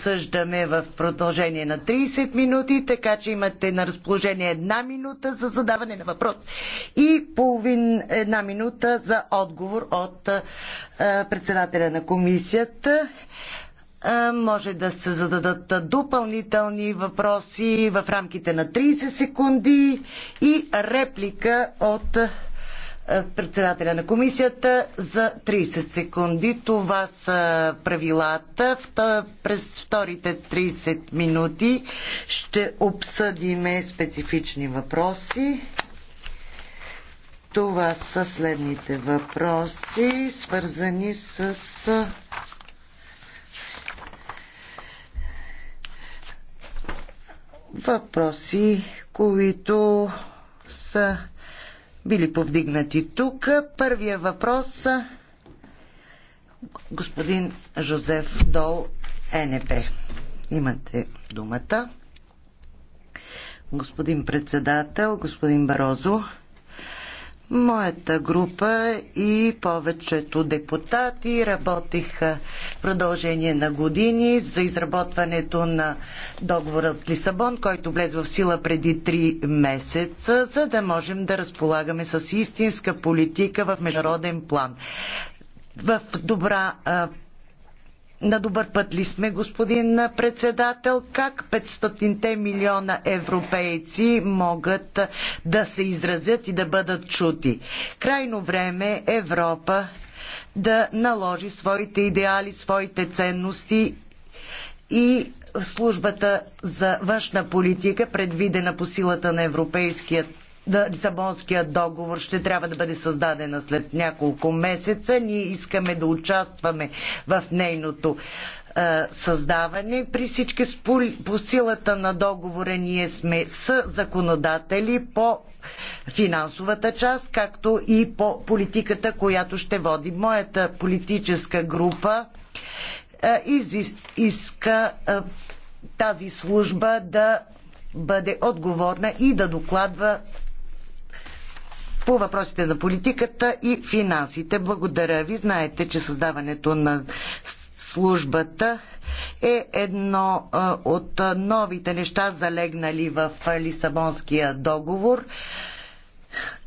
обсъждаме в продължение на 30 минути, така че имате на разположение една минута за задаване на въпрос и половин една минута за отговор от председателя на комисията може да се зададат допълнителни въпроси в рамките на 30 секунди и реплика от е, председателя на комисията за 30 секунди. Това са правилата. През вторите 30 минути ще обсъдиме специфични въпроси. Това са следните въпроси, свързани с въпроси, които са били повдигнати тук. Първия въпрос господин Жозеф Дол, НП. Имате думата. Господин председател, господин Барозо, Моята група и повечето депутати работиха в продължение на години за изработването на договора от Лисабон, който влез в сила преди три месеца, за да можем да разполагаме с истинска политика в международен план. В добра на добър път ли сме, господин председател? Как 500-те милиона европейци могат да се изразят и да бъдат чути? Крайно време е Европа да наложи своите идеали, своите ценности и службата за външна политика, предвидена по силата на Европейския Лисабонският договор ще трябва да бъде създадена след няколко месеца. Ние искаме да участваме в нейното е, създаване. При всички по силата на договора ние сме с законодатели по финансовата част, както и по политиката, която ще води. Моята политическа група е, иска е, тази служба да бъде отговорна и да докладва по въпросите на политиката и финансите. Благодаря ви. Знаете, че създаването на службата е едно от новите неща, залегнали в Лисабонския договор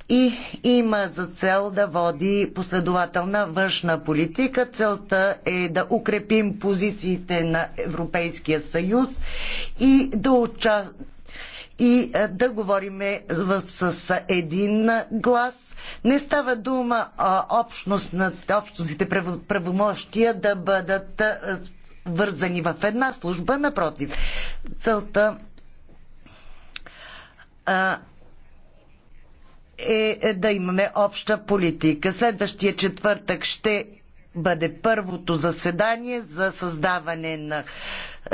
и има за цел да води последователна външна политика. Целта е да укрепим позициите на Европейския съюз и да, уча и е, да говорим с един глас. Не става дума общност на, общностите правомощия да бъдат е, вързани в една служба, напротив. Целта е, е да имаме обща политика. Следващия четвъртък ще бъде първото заседание за създаване на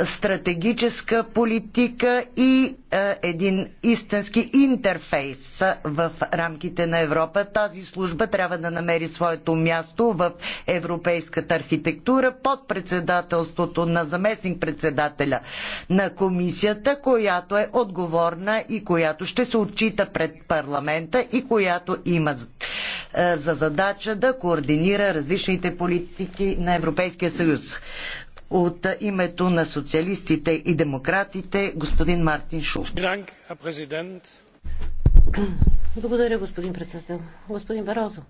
стратегическа политика и е, един истински интерфейс в рамките на Европа. Тази служба трябва да намери своето място в европейската архитектура под председателството на заместник-председателя на комисията, която е отговорна и която ще се отчита пред парламента и която има е, за задача да координира различните политики на Европейския съюз от името на социалистите и демократите господин Мартин Шулт. Благодаря, господин председател. Господин Барозо.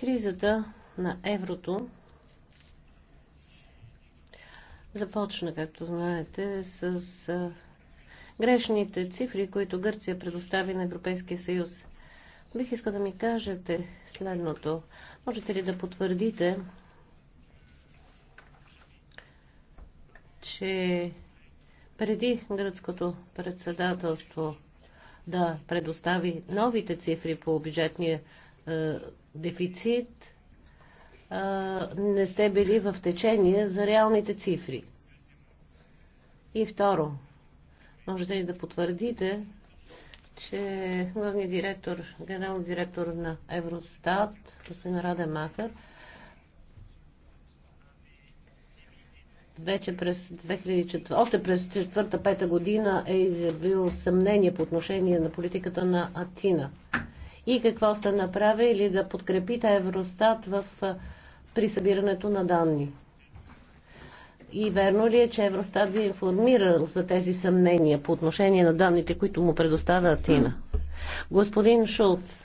Кризата на еврото започна, както знаете, с грешните цифри, които Гърция предостави на Европейския съюз. Бих искал да ми кажете следното. Можете ли да потвърдите, че преди гръцкото председателство да предостави новите цифри по бюджетния е, дефицит, е, не сте били в течение за реалните цифри? И второ, можете ли да потвърдите, че главният директор, генерален директор на Евростат, господин Раде Макър, вече през 2004, още през 2004-2005 година е изявил съмнение по отношение на политиката на Атина. И какво сте направили да подкрепите Евростат в при събирането на данни? И верно ли е, че Евростат ви е информирал за тези съмнения по отношение на данните, които му предоставя Атина? Господин Шулц.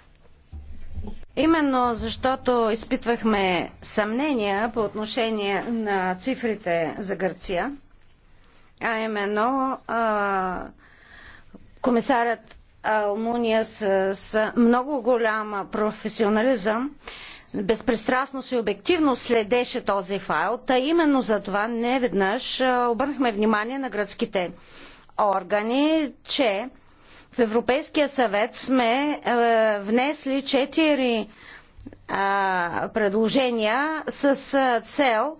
Именно защото изпитвахме съмнения по отношение на цифрите за Гърция, а именно а, комисарят Алмуния с, с много голям професионализъм безпристрастност и обективно следеше този файл, та именно за това не веднъж обърнахме внимание на гръцките органи, че в Европейския съвет сме е, внесли четири предложения с цел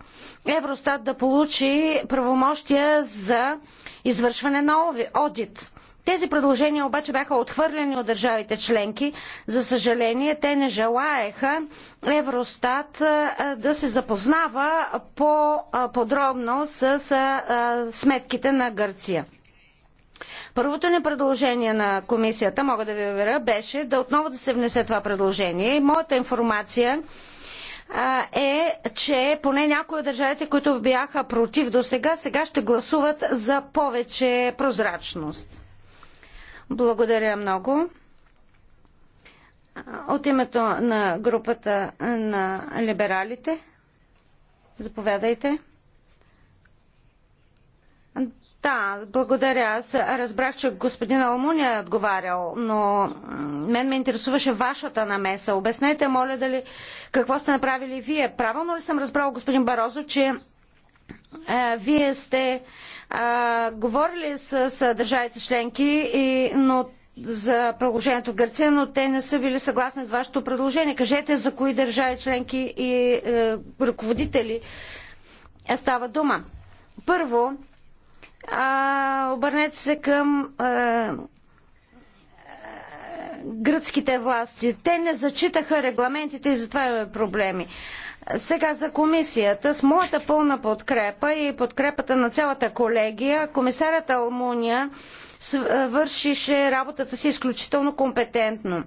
Евростат да получи правомощия за извършване на одит. Тези предложения обаче бяха отхвърлени от държавите членки. За съжаление, те не желаяха Евростат да се запознава по-подробно с сметките на Гърция. Първото ни предложение на комисията, мога да ви уверя, беше да отново да се внесе това предложение. И моята информация е, че поне някои от държавите, които бяха против до сега, сега ще гласуват за повече прозрачност. Благодаря много. От името на групата на либералите, заповядайте. Да, благодаря. Аз разбрах, че господин Алмуния е отговарял, но мен ме интересуваше вашата намеса. Обяснете, моля, дали какво сте направили вие. Правилно ли съм разбрал, господин Барозо, че вие сте а, говорили с, с държавите членки, и, но за приложението в Гърция, но те не са били съгласни с вашето предложение. Кажете за кои държави членки и е, ръководители става дума. Първо, а, обърнете се към а, гръцките власти. Те не зачитаха регламентите и затова имаме проблеми. Сега за комисията. С моята пълна подкрепа и подкрепата на цялата колегия, комисарят Алмуния вършише работата си изключително компетентно.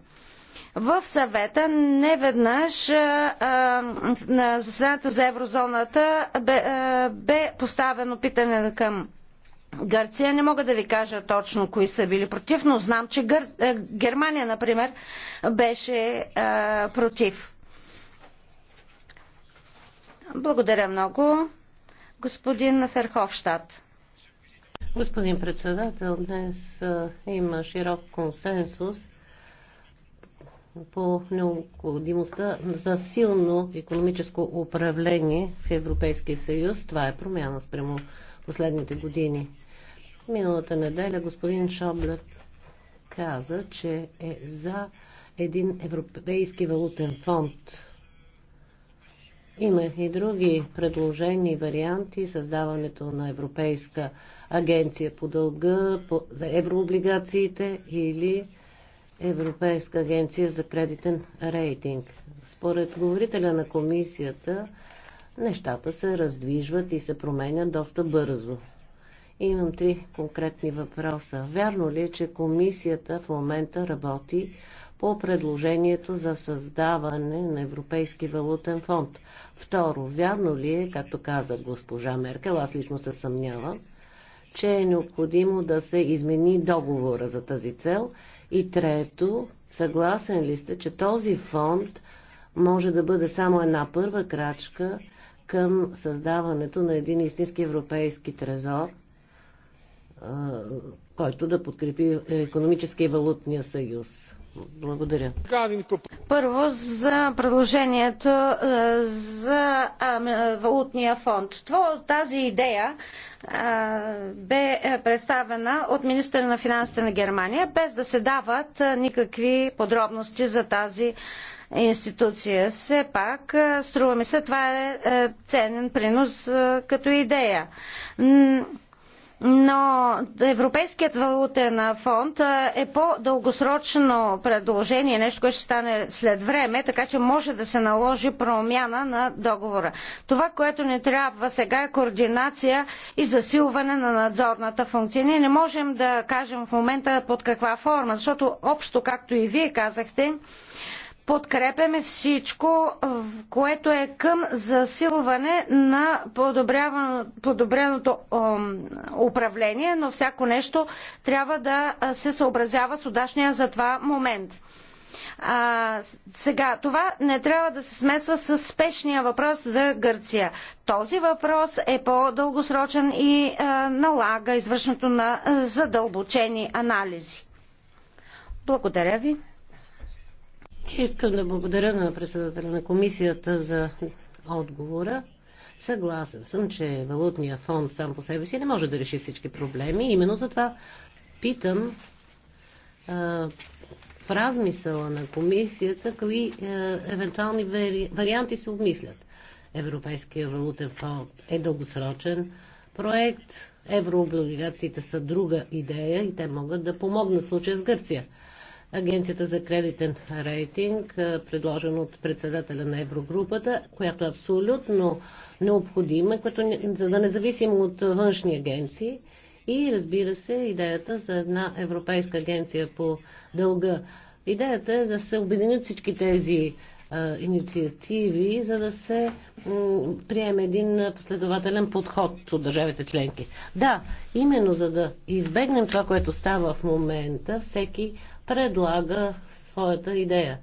В съвета неведнъж на заседанията за еврозоната бе, бе поставено питане към Гърция. Не мога да ви кажа точно кои са били против, но знам, че Гър... Германия, например, беше против. Благодаря много. Господин Ферховщад. Господин председател, днес има широк консенсус по необходимостта за силно економическо управление в Европейския съюз. Това е промяна спрямо последните години. Миналата неделя господин Шоблет каза, че е за един европейски валутен фонд Имах и други предложени варианти. Създаването на Европейска агенция по дълга, по, за еврооблигациите или Европейска агенция за кредитен рейтинг. Според говорителя на комисията, нещата се раздвижват и се променят доста бързо. Имам три конкретни въпроса. Вярно ли е, че комисията в момента работи по предложението за създаване на Европейски валутен фонд. Второ, вярно ли е, както каза госпожа Меркел, аз лично се съмнявам, че е необходимо да се измени договора за тази цел? И трето, съгласен ли сте, че този фонд може да бъде само една първа крачка към създаването на един истински европейски трезор, който да подкрепи економически и валутния съюз? Благодаря. Първо за предложението е, за е, валутния фонд. тази идея е, бе представена от министъра на финансите на Германия, без да се дават никакви подробности за тази институция. Все пак, струва ми се, това е ценен принос като идея но Европейският валутен фонд е по-дългосрочно предложение, нещо, което ще стане след време, така че може да се наложи промяна на договора. Това, което ни трябва сега е координация и засилване на надзорната функция. Ние не можем да кажем в момента под каква форма, защото общо, както и вие казахте, подкрепяме всичко, което е към засилване на подобреното управление, но всяко нещо трябва да се съобразява с удачния за това момент. А, сега, това не трябва да се смесва с спешния въпрос за Гърция. Този въпрос е по-дългосрочен и а, налага извършването на задълбочени анализи. Благодаря ви. Искам да благодаря на председателя на комисията за отговора. Съгласен съм, че валутния фонд сам по себе си не може да реши всички проблеми. Именно затова питам а, в размисъла на комисията, какви евентуални вари... варианти се обмислят. Европейския валутен фонд е дългосрочен проект, еврооблигациите са друга идея и те могат да помогнат в случая с Гърция. Агенцията за кредитен рейтинг, предложен от председателя на Еврогрупата, която е абсолютно необходима, която, за да не зависим от външни агенции. И разбира се, идеята за една Европейска агенция по дълга. Идеята е да се обединят всички тези а, инициативи, за да се приеме един последователен подход от държавите членки. Да, именно за да избегнем това, което става в момента, всеки предлага своята идея.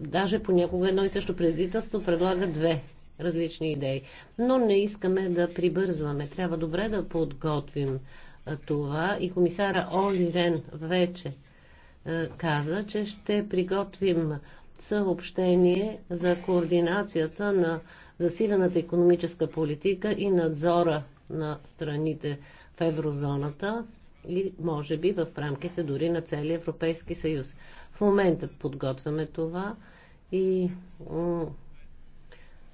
Даже понякога едно и също предвидителство предлага две различни идеи. Но не искаме да прибързваме. Трябва добре да подготвим това и комисара Оли Рен вече каза, че ще приготвим съобщение за координацията на засилената економическа политика и надзора на страните в еврозоната и може би в рамките дори на целия Европейски съюз. В момента подготвяме това и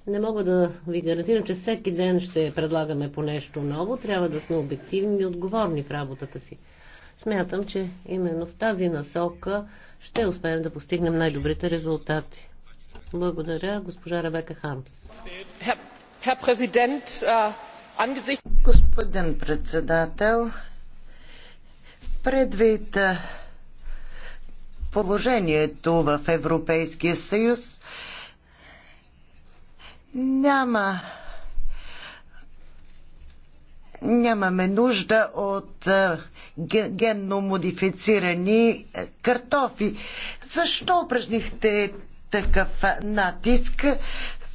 не мога да ви гарантирам, че всеки ден ще предлагаме по нещо ново. Трябва да сме обективни и отговорни в работата си. Смятам, че именно в тази насока ще успеем да постигнем най-добрите резултати. Благодаря, госпожа Ребека Хамс. Äh, Господин председател, Предвид положението в Европейския съюз, няма нямаме нужда от генно модифицирани картофи. Защо упражнихте такъв натиск,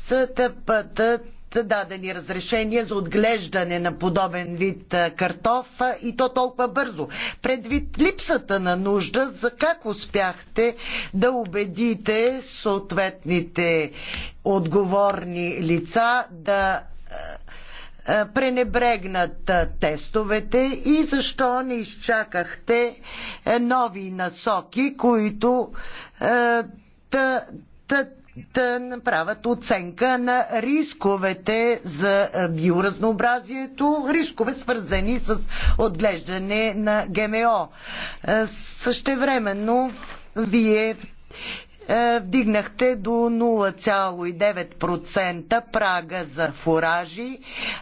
за да бъдат дадени разрешения за отглеждане на подобен вид картоф и то толкова бързо. Предвид липсата на нужда, за как успяхте да убедите съответните отговорни лица да пренебрегнат тестовете и защо не изчакахте нови насоки, които да, да, да направят оценка на рисковете за е, биоразнообразието, рискове свързани с отглеждане на ГМО. Е, същевременно, вие е, вдигнахте до 0,9% прага за фуражи,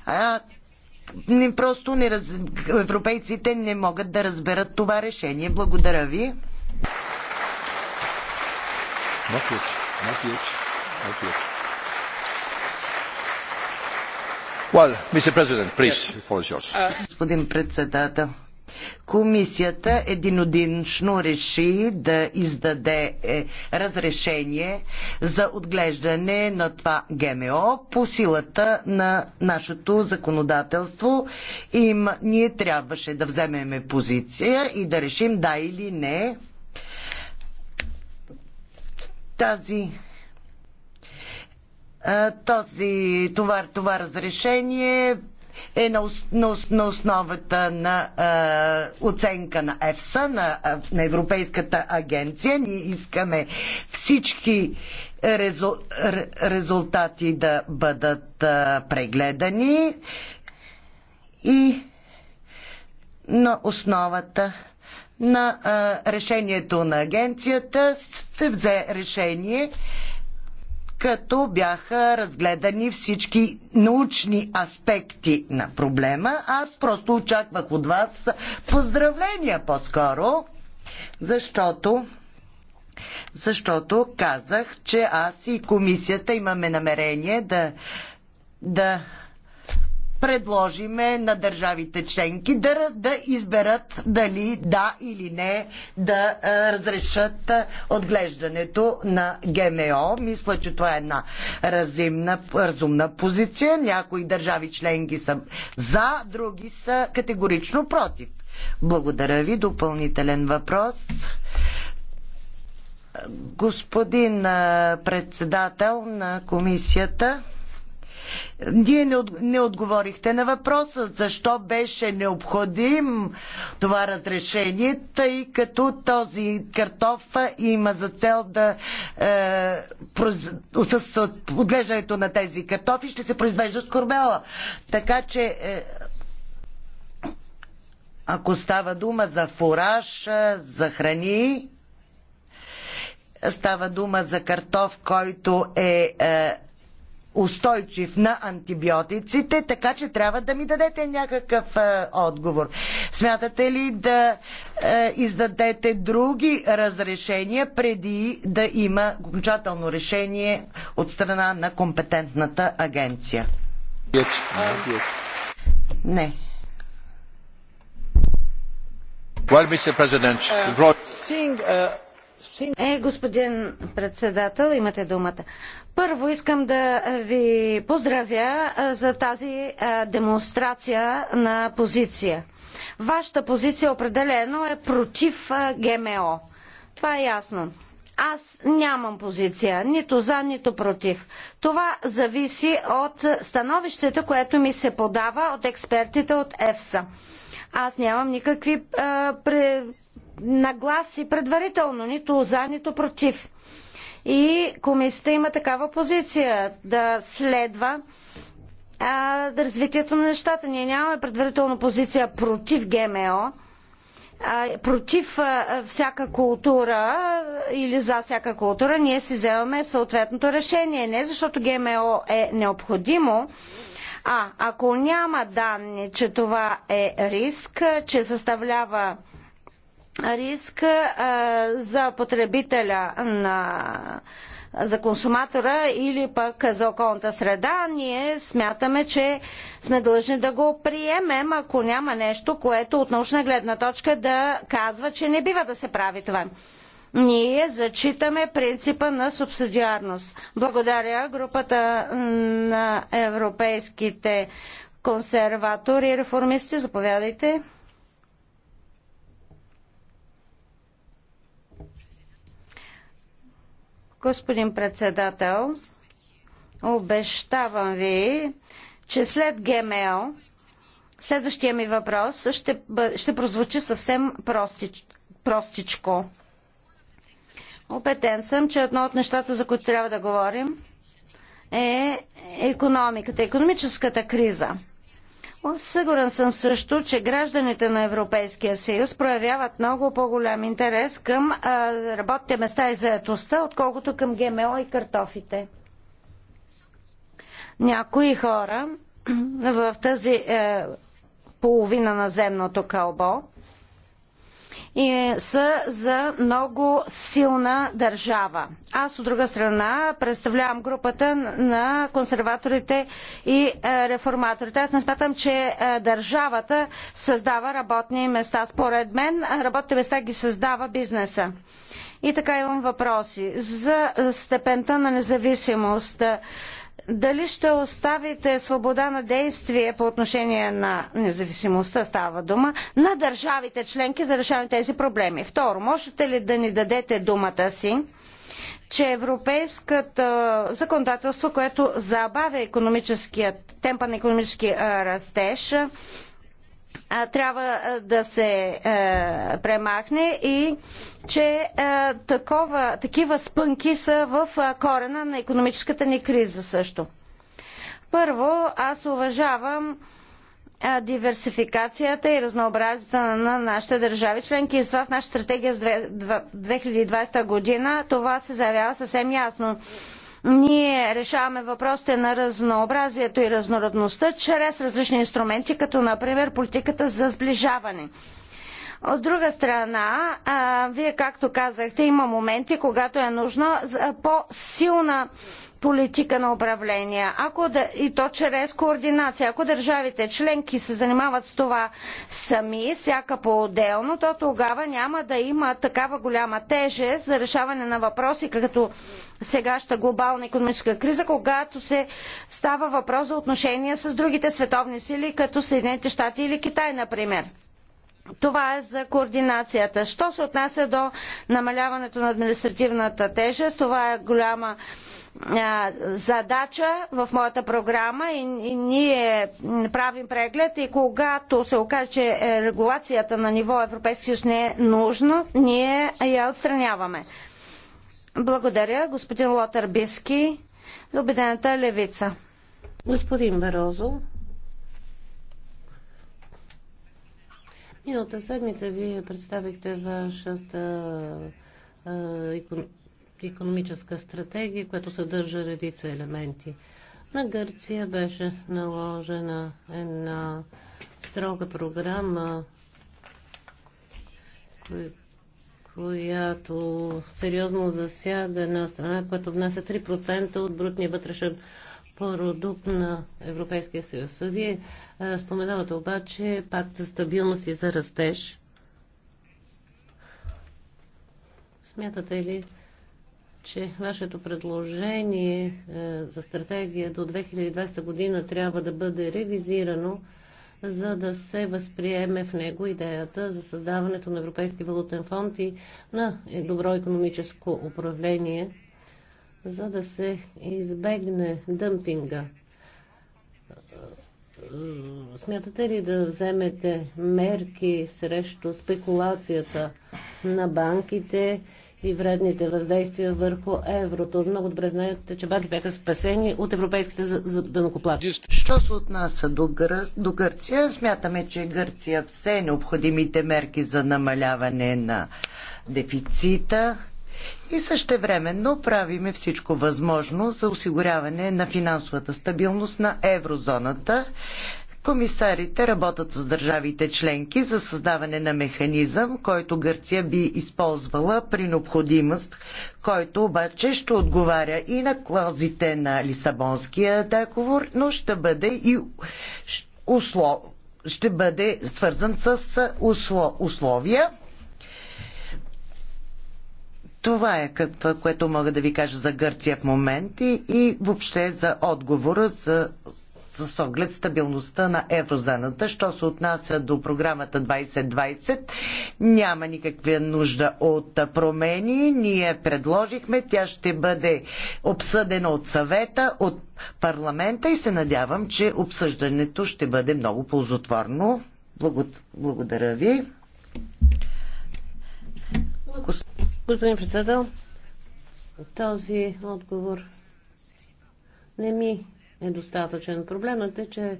а не, просто не раз... европейците не могат да разберат това решение. Благодаря ви. Махлич. Well, Mr. President, please, yes. yours. Uh, Господин председател, Комисията единодиншно реши да издаде е, разрешение за отглеждане на това ГМО по силата на нашето законодателство. И ние трябваше да вземеме позиция и да решим да или не тази този, това, това разрешение е на, на, на основата на а, оценка на ЕФСА, на, на Европейската агенция. Ние искаме всички резу, резултати да бъдат а, прегледани и на основата на а, решението на агенцията се взе решение, като бяха разгледани всички научни аспекти на проблема. Аз просто очаквах от вас поздравления по-скоро, защото защото казах, че аз и комисията имаме намерение да, да предложиме на държавите членки да, да изберат дали да или не да разрешат отглеждането на ГМО. Мисля, че това е една разумна, разумна позиция. Някои държави членки са за, други са категорично против. Благодаря ви. Допълнителен въпрос. Господин председател на комисията. Вие не, от, не отговорихте на въпроса защо беше необходим това разрешение, тъй като този картоф има за цел да е, произ... с, с отглеждането на тези картофи ще се произвежда скорбела. Така че е, ако става дума за фураж, за храни, става дума за картоф, който е, е устойчив на антибиотиците, така че трябва да ми дадете някакъв е, отговор. Смятате ли да е, издадете други разрешения преди да има окончателно решение от страна на компетентната агенция? Не. Well, Mr. President, uh, е, господин председател, имате думата. Първо искам да ви поздравя за тази демонстрация на позиция. Вашата позиция определено е против ГМО. Това е ясно. Аз нямам позиция, нито за, нито против. Това зависи от становището, което ми се подава от експертите от ЕФСА. Аз нямам никакви нагласи предварително, нито за, нито против. И комисията има такава позиция да следва а, развитието на нещата. Ние нямаме предварително позиция против ГМО, а, против а, всяка култура или за всяка култура. Ние си вземаме съответното решение. Не защото ГМО е необходимо, а ако няма данни, че това е риск, че съставлява риск а, за потребителя на за консуматора или пък за околната среда, ние смятаме, че сме длъжни да го приемем, ако няма нещо, което от научна гледна точка да казва, че не бива да се прави това. Ние зачитаме принципа на субсидиарност. Благодаря групата на европейските консерватори и реформисти. Заповядайте. Господин председател, обещавам ви, че след ГМО следващия ми въпрос ще, ще прозвучи съвсем простич, простичко. Опетен съм, че едно от нещата, за които трябва да говорим, е економиката, економическата криза – Сигурен съм също, че гражданите на Европейския съюз проявяват много по-голям интерес към а, работните места и заетостта, отколкото към ГМО и картофите. Някои хора в тази е, половина на земното кълбо и са за много силна държава. Аз от друга страна представлявам групата на консерваторите и е, реформаторите. Аз не смятам, че е, държавата създава работни места. Според мен работните места ги създава бизнеса. И така имам въпроси за степента на независимост дали ще оставите свобода на действие по отношение на независимостта, става дума, на държавите членки за решаване тези проблеми? Второ, можете ли да ни дадете думата си? че европейското законодателство, което забавя економическият, темпа на економически растеж, трябва да се е, премахне и че е, такова, такива спънки са в е, корена на економическата ни криза също. Първо, аз уважавам диверсификацията и разнообразията на нашите държави членки. И това в нашата стратегия в 2020 година това се заявява съвсем ясно. Ние решаваме въпросите на разнообразието и разнородността чрез различни инструменти, като например политиката за сближаване. От друга страна, а, вие както казахте, има моменти, когато е нужна по-силна политика на управление, ако да, и то чрез координация. Ако държавите членки се занимават с това сами, всяка по-отделно, то тогава няма да има такава голяма тежест за решаване на въпроси, като сегашната глобална економическа криза, когато се става въпрос за отношения с другите световни сили, като Съединените щати или Китай, например. Това е за координацията. Що се отнася до намаляването на административната тежест, това е голяма задача в моята програма и, и ние правим преглед и когато се окаже, че е, регулацията на ниво Европейски съюз не е нужно, ние я отстраняваме. Благодаря, господин Лотър Биски, Обедената левица. Господин Берозо, Миналата седмица вие представихте вашата економическа стратегия, която съдържа редица елементи. На Гърция беше наложена една строга програма, която сериозно засяга една страна, която внася 3% от брутния вътрешен продукт на Европейския съюз. Вие споменавате обаче пакт за стабилност и за растеж. Смятате ли, че вашето предложение за стратегия до 2020 година трябва да бъде ревизирано, за да се възприеме в него идеята за създаването на Европейски валутен фонд и на добро економическо управление? за да се избегне дъмпинга. Смятате ли да вземете мерки срещу спекулацията на банките и вредните въздействия върху еврото? Много добре знаете, че банки бяха спасени от европейските дънокоплати. Що се отнася до, Гър... до Гърция, смятаме, че Гърция все необходимите мерки за намаляване на дефицита и същевременно правиме всичко възможно за осигуряване на финансовата стабилност на еврозоната. Комисарите работят с държавите членки за създаване на механизъм, който Гърция би използвала при необходимост, който обаче ще отговаря и на клаузите на Лисабонския договор, но ще бъде и услов... ще бъде свързан с условия това е какво, което мога да ви кажа за Гърция в моменти и въобще за отговора за с оглед стабилността на еврозаната. Що се отнася до програмата 2020, няма никаква нужда от промени. Ние предложихме, тя ще бъде обсъдена от съвета, от парламента и се надявам, че обсъждането ще бъде много ползотворно. Благодаря ви. Господин председател, този отговор не ми е достатъчен. Проблемът е, че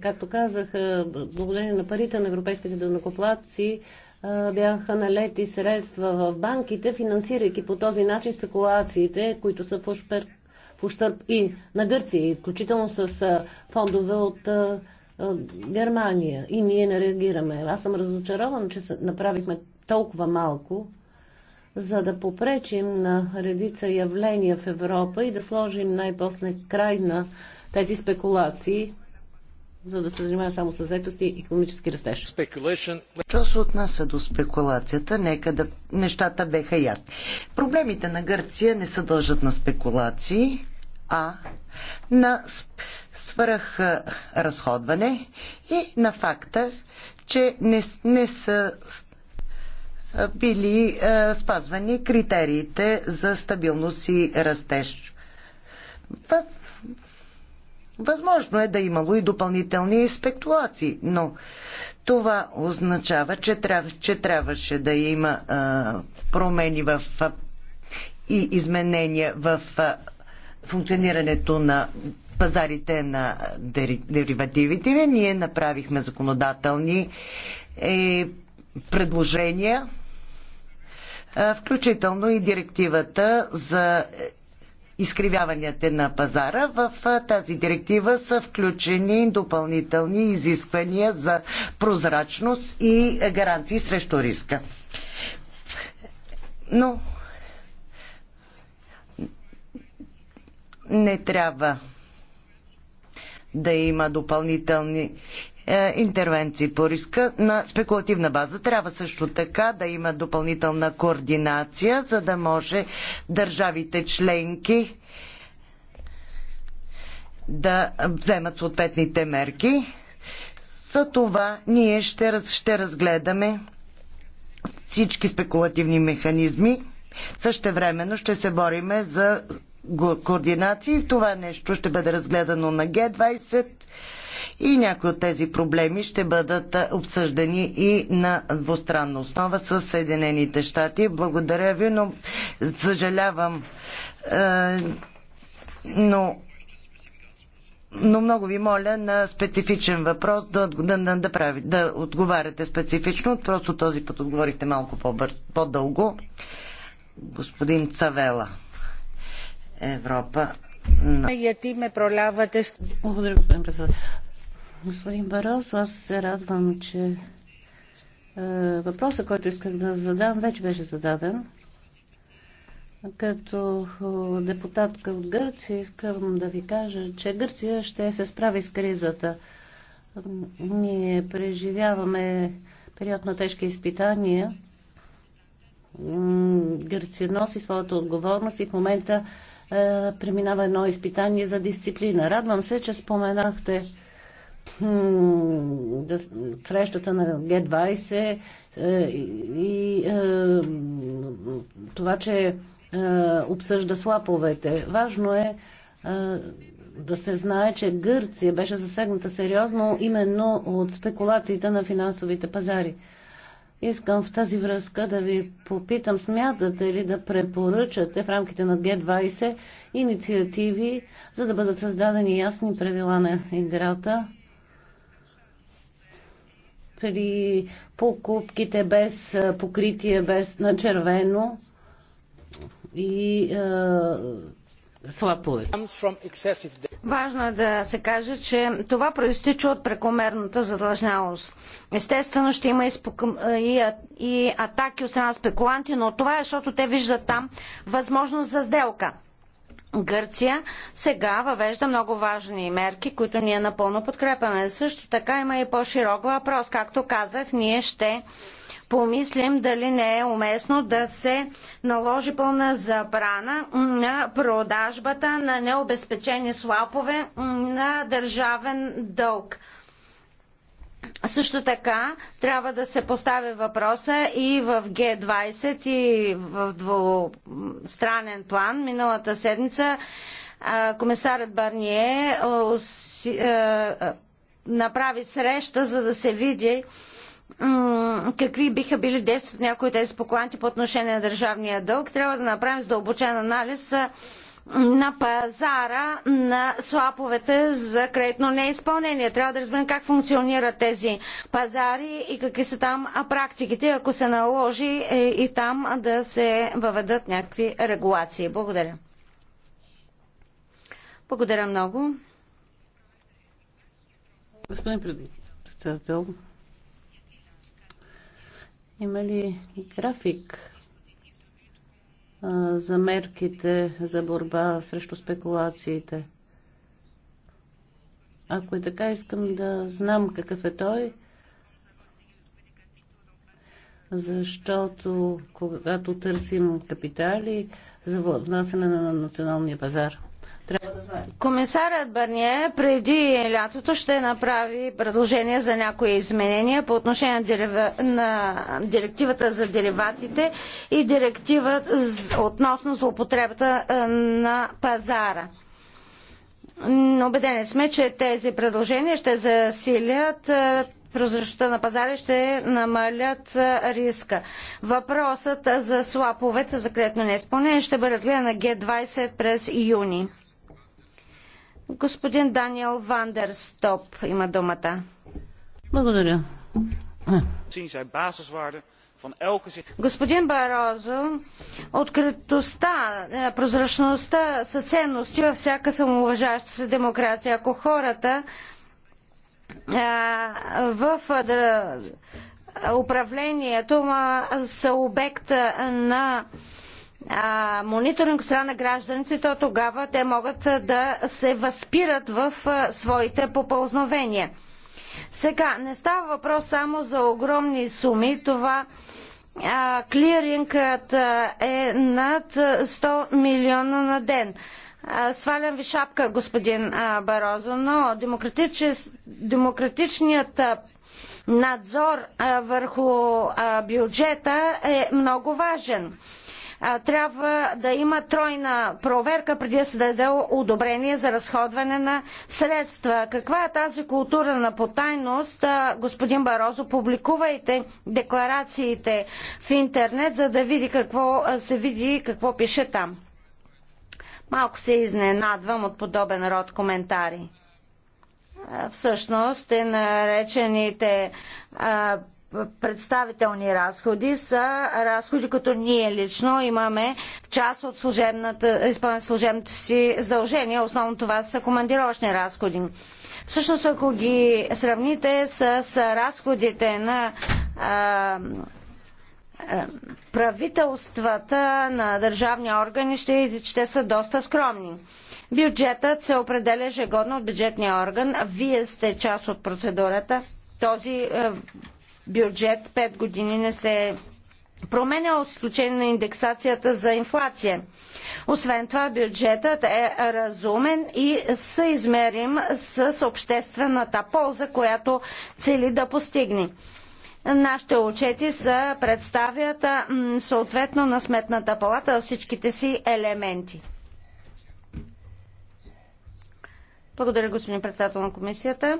както казах, благодарение на парите на европейските данокоплатци бяха налети средства в банките, финансирайки по този начин спекулациите, които са в в ущърп и на Гърция, и включително с фондове от Германия. И ние не реагираме. Аз съм разочарован, че направихме толкова малко за да попречим на редица явления в Европа и да сложим най-после край на тези спекулации, за да се занимава само с заетост и економически растеж. Що се отнася до спекулацията, нека да нещата беха ясни. Проблемите на Гърция не се дължат на спекулации, а на свръхразходване и на факта, че не, не са били спазвани критериите за стабилност и растеж. Възможно е да имало и допълнителни спекулации, но това означава, че, тря... че трябваше да има а, промени в а, и изменения в а, функционирането на пазарите на деривативите. Ние направихме законодателни е, предложения, включително и директивата за изкривяванията на пазара. В тази директива са включени допълнителни изисквания за прозрачност и гаранции срещу риска. Но не трябва да има допълнителни е, интервенции по риска на спекулативна база. Трябва също така да има допълнителна координация, за да може държавите членки да вземат съответните мерки. За това ние ще, раз, ще разгледаме всички спекулативни механизми. също времено ще се бориме за координации. Това нещо ще бъде разгледано на Г20 и някои от тези проблеми ще бъдат обсъждани и на двустранна основа с Съединените щати. Благодаря ви, но съжалявам. но но много ви моля на специфичен въпрос да, да, да, да, прави, да отговаряте специфично. Просто този път отговорихте малко по-дълго. Господин Цавела, Европа благодаря, господин председател. Господин Барос, аз се радвам, че е, въпросът, който исках да задам, вече беше зададен. Като депутатка от Гърция искам да ви кажа, че Гърция ще се справи с кризата. Ние преживяваме период на тежки изпитания. Гърция носи своята отговорност и в момента е, преминава едно изпитание за дисциплина. Радвам се, че споменахте срещата на Г-20 е, и е, това, че обсъжда слаповете. Важно е да се знае, че Гърция беше засегната сериозно именно от спекулациите на финансовите пазари. Искам в тази връзка да ви попитам, смятате ли да препоръчате в рамките на Г20 инициативи, за да бъдат създадени ясни правила на играта при покупките без покритие, без на червено и е, слапове. Важно е да се каже, че това проистича от прекомерната задлъжнялост. Естествено ще има и, спокъм, и, и атаки от страна спекуланти, но това е защото те виждат там възможност за сделка. Гърция сега въвежда много важни мерки, които ние напълно подкрепяме. Също така има и по-широк въпрос. Както казах, ние ще помислим дали не е уместно да се наложи пълна забрана на продажбата на необезпечени слапове на държавен дълг. Също така трябва да се постави въпроса и в Г20 и в двустранен план. Миналата седмица комисарът Барние направи среща, за да се види какви биха били действията някои от тези спокуланти по отношение на държавния дълг. Трябва да направим задълбочен анализ на пазара на слаповете за кредитно неизпълнение. Трябва да разберем как функционират тези пазари и какви са там практиките, ако се наложи е и там да се въведат някакви регулации. Благодаря. Благодаря много. Господин председател, има ли график за мерките за борба срещу спекулациите? Ако е така, искам да знам какъв е той, защото когато търсим капитали за внасяне на националния пазар. Комисарят Барние преди лятото ще направи предложение за някои изменения по отношение на директивата за дериватите и директива относно злоупотребата е, на пазара. Обедени сме, че тези предложения ще засилят е, прозрачността на пазара и ще намалят е, риска. Въпросът за слаповете за кредитно неизпълнение ще бъде разгледан на Г20 през юни. Господин Даниел Вандерстоп има думата. Благодаря. Господин Барозо, откритостта, е, прозрачността са ценности във всяка самоуважаща се демокрация. Ако хората е, в управлението са обект на а, мониторинг от страна на гражданите, то тогава те могат да се възпират в своите попълзновения. Сега, не става въпрос само за огромни суми. Това а, клирингът е над 100 милиона на ден. А, свалям ви шапка, господин а, Барозо, но демократич... демократичният надзор върху бюджета е много важен трябва да има тройна проверка преди да се даде одобрение за разходване на средства. Каква е тази култура на потайност? Господин Барозо, публикувайте декларациите в интернет, за да види какво се види и какво пише там. Малко се изненадвам от подобен род коментари всъщност е наречените а, представителни разходи са разходи, като ние лично имаме част от служебната, служебните си задължения. Основно това са командировъчни разходи. Всъщност, ако ги сравните с, с разходите на а, правителствата на държавни органи ще видите, че те са доста скромни. Бюджетът се определя ежегодно от бюджетния орган. Вие сте част от процедурата. Този е, бюджет 5 години не се е променял с изключение на индексацията за инфлация. Освен това, бюджетът е разумен и съизмерим с обществената полза, която цели да постигне. Нашите отчети са представят съответно на Сметната палата всичките си елементи. Благодаря, господин председател на комисията.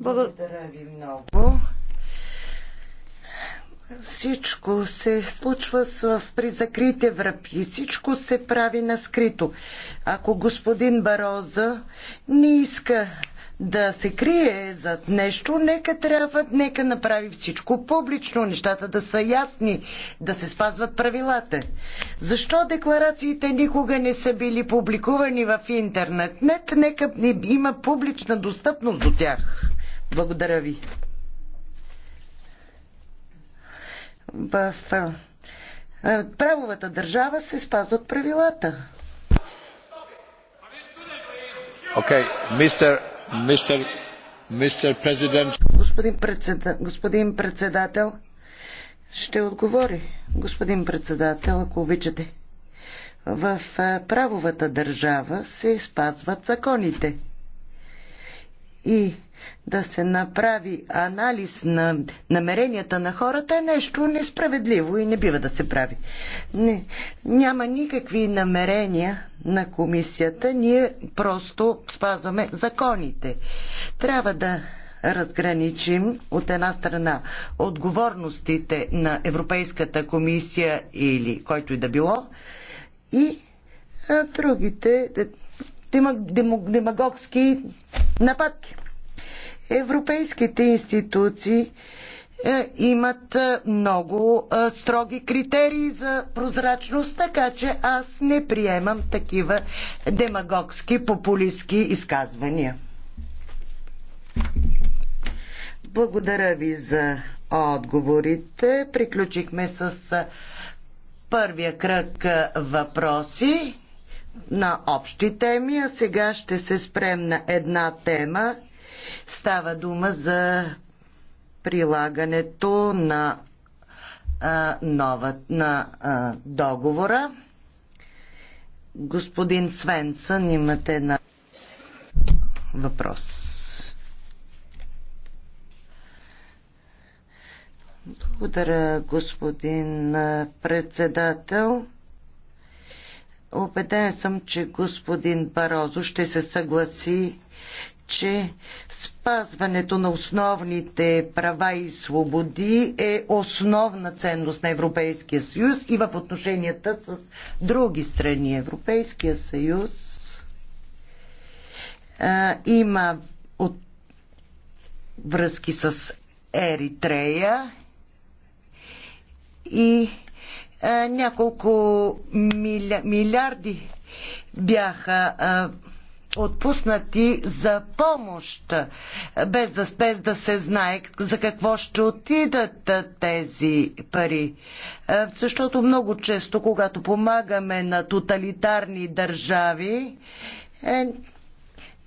Благодаря ви много. Всичко се случва в, при закрите връбки. Всичко се прави на скрито. Ако господин Бароза не иска да се крие зад нещо, нека трябва, нека направи всичко публично, нещата да са ясни, да се спазват правилата. Защо декларациите никога не са били публикувани в интернет? Нет, нека има публична достъпност до тях. Благодаря ви. В правовата държава се спазват правилата. Okay, Mr. Mr. Mr. Господин, председа... господин председател, ще отговори, господин председател, ако обичате. В правовата държава се спазват законите. И да се направи анализ на намеренията на хората е нещо несправедливо и не бива да се прави. Не, няма никакви намерения на комисията, ние просто спазваме законите. Трябва да разграничим от една страна отговорностите на Европейската комисия или който и да било и другите демагогски нападки. Европейските институции е, имат е, много е, строги критерии за прозрачност, така че аз не приемам такива демагогски, популистски изказвания. Благодаря ви за отговорите. Приключихме с първия кръг въпроси на общи теми, а сега ще се спрем на една тема Става дума за прилагането на а, нова, на а, договора. Господин Свенсън, имате на въпрос. Благодаря, господин председател. Обеден съм, че господин Барозо ще се съгласи че спазването на основните права и свободи е основна ценност на Европейския съюз и в отношенията с други страни. Европейския съюз а, има от връзки с Еритрея и а, няколко миля, милиарди бяха а, отпуснати за помощ, без да, без да се знае за какво ще отидат тези пари. Е, защото много често, когато помагаме на тоталитарни държави, е,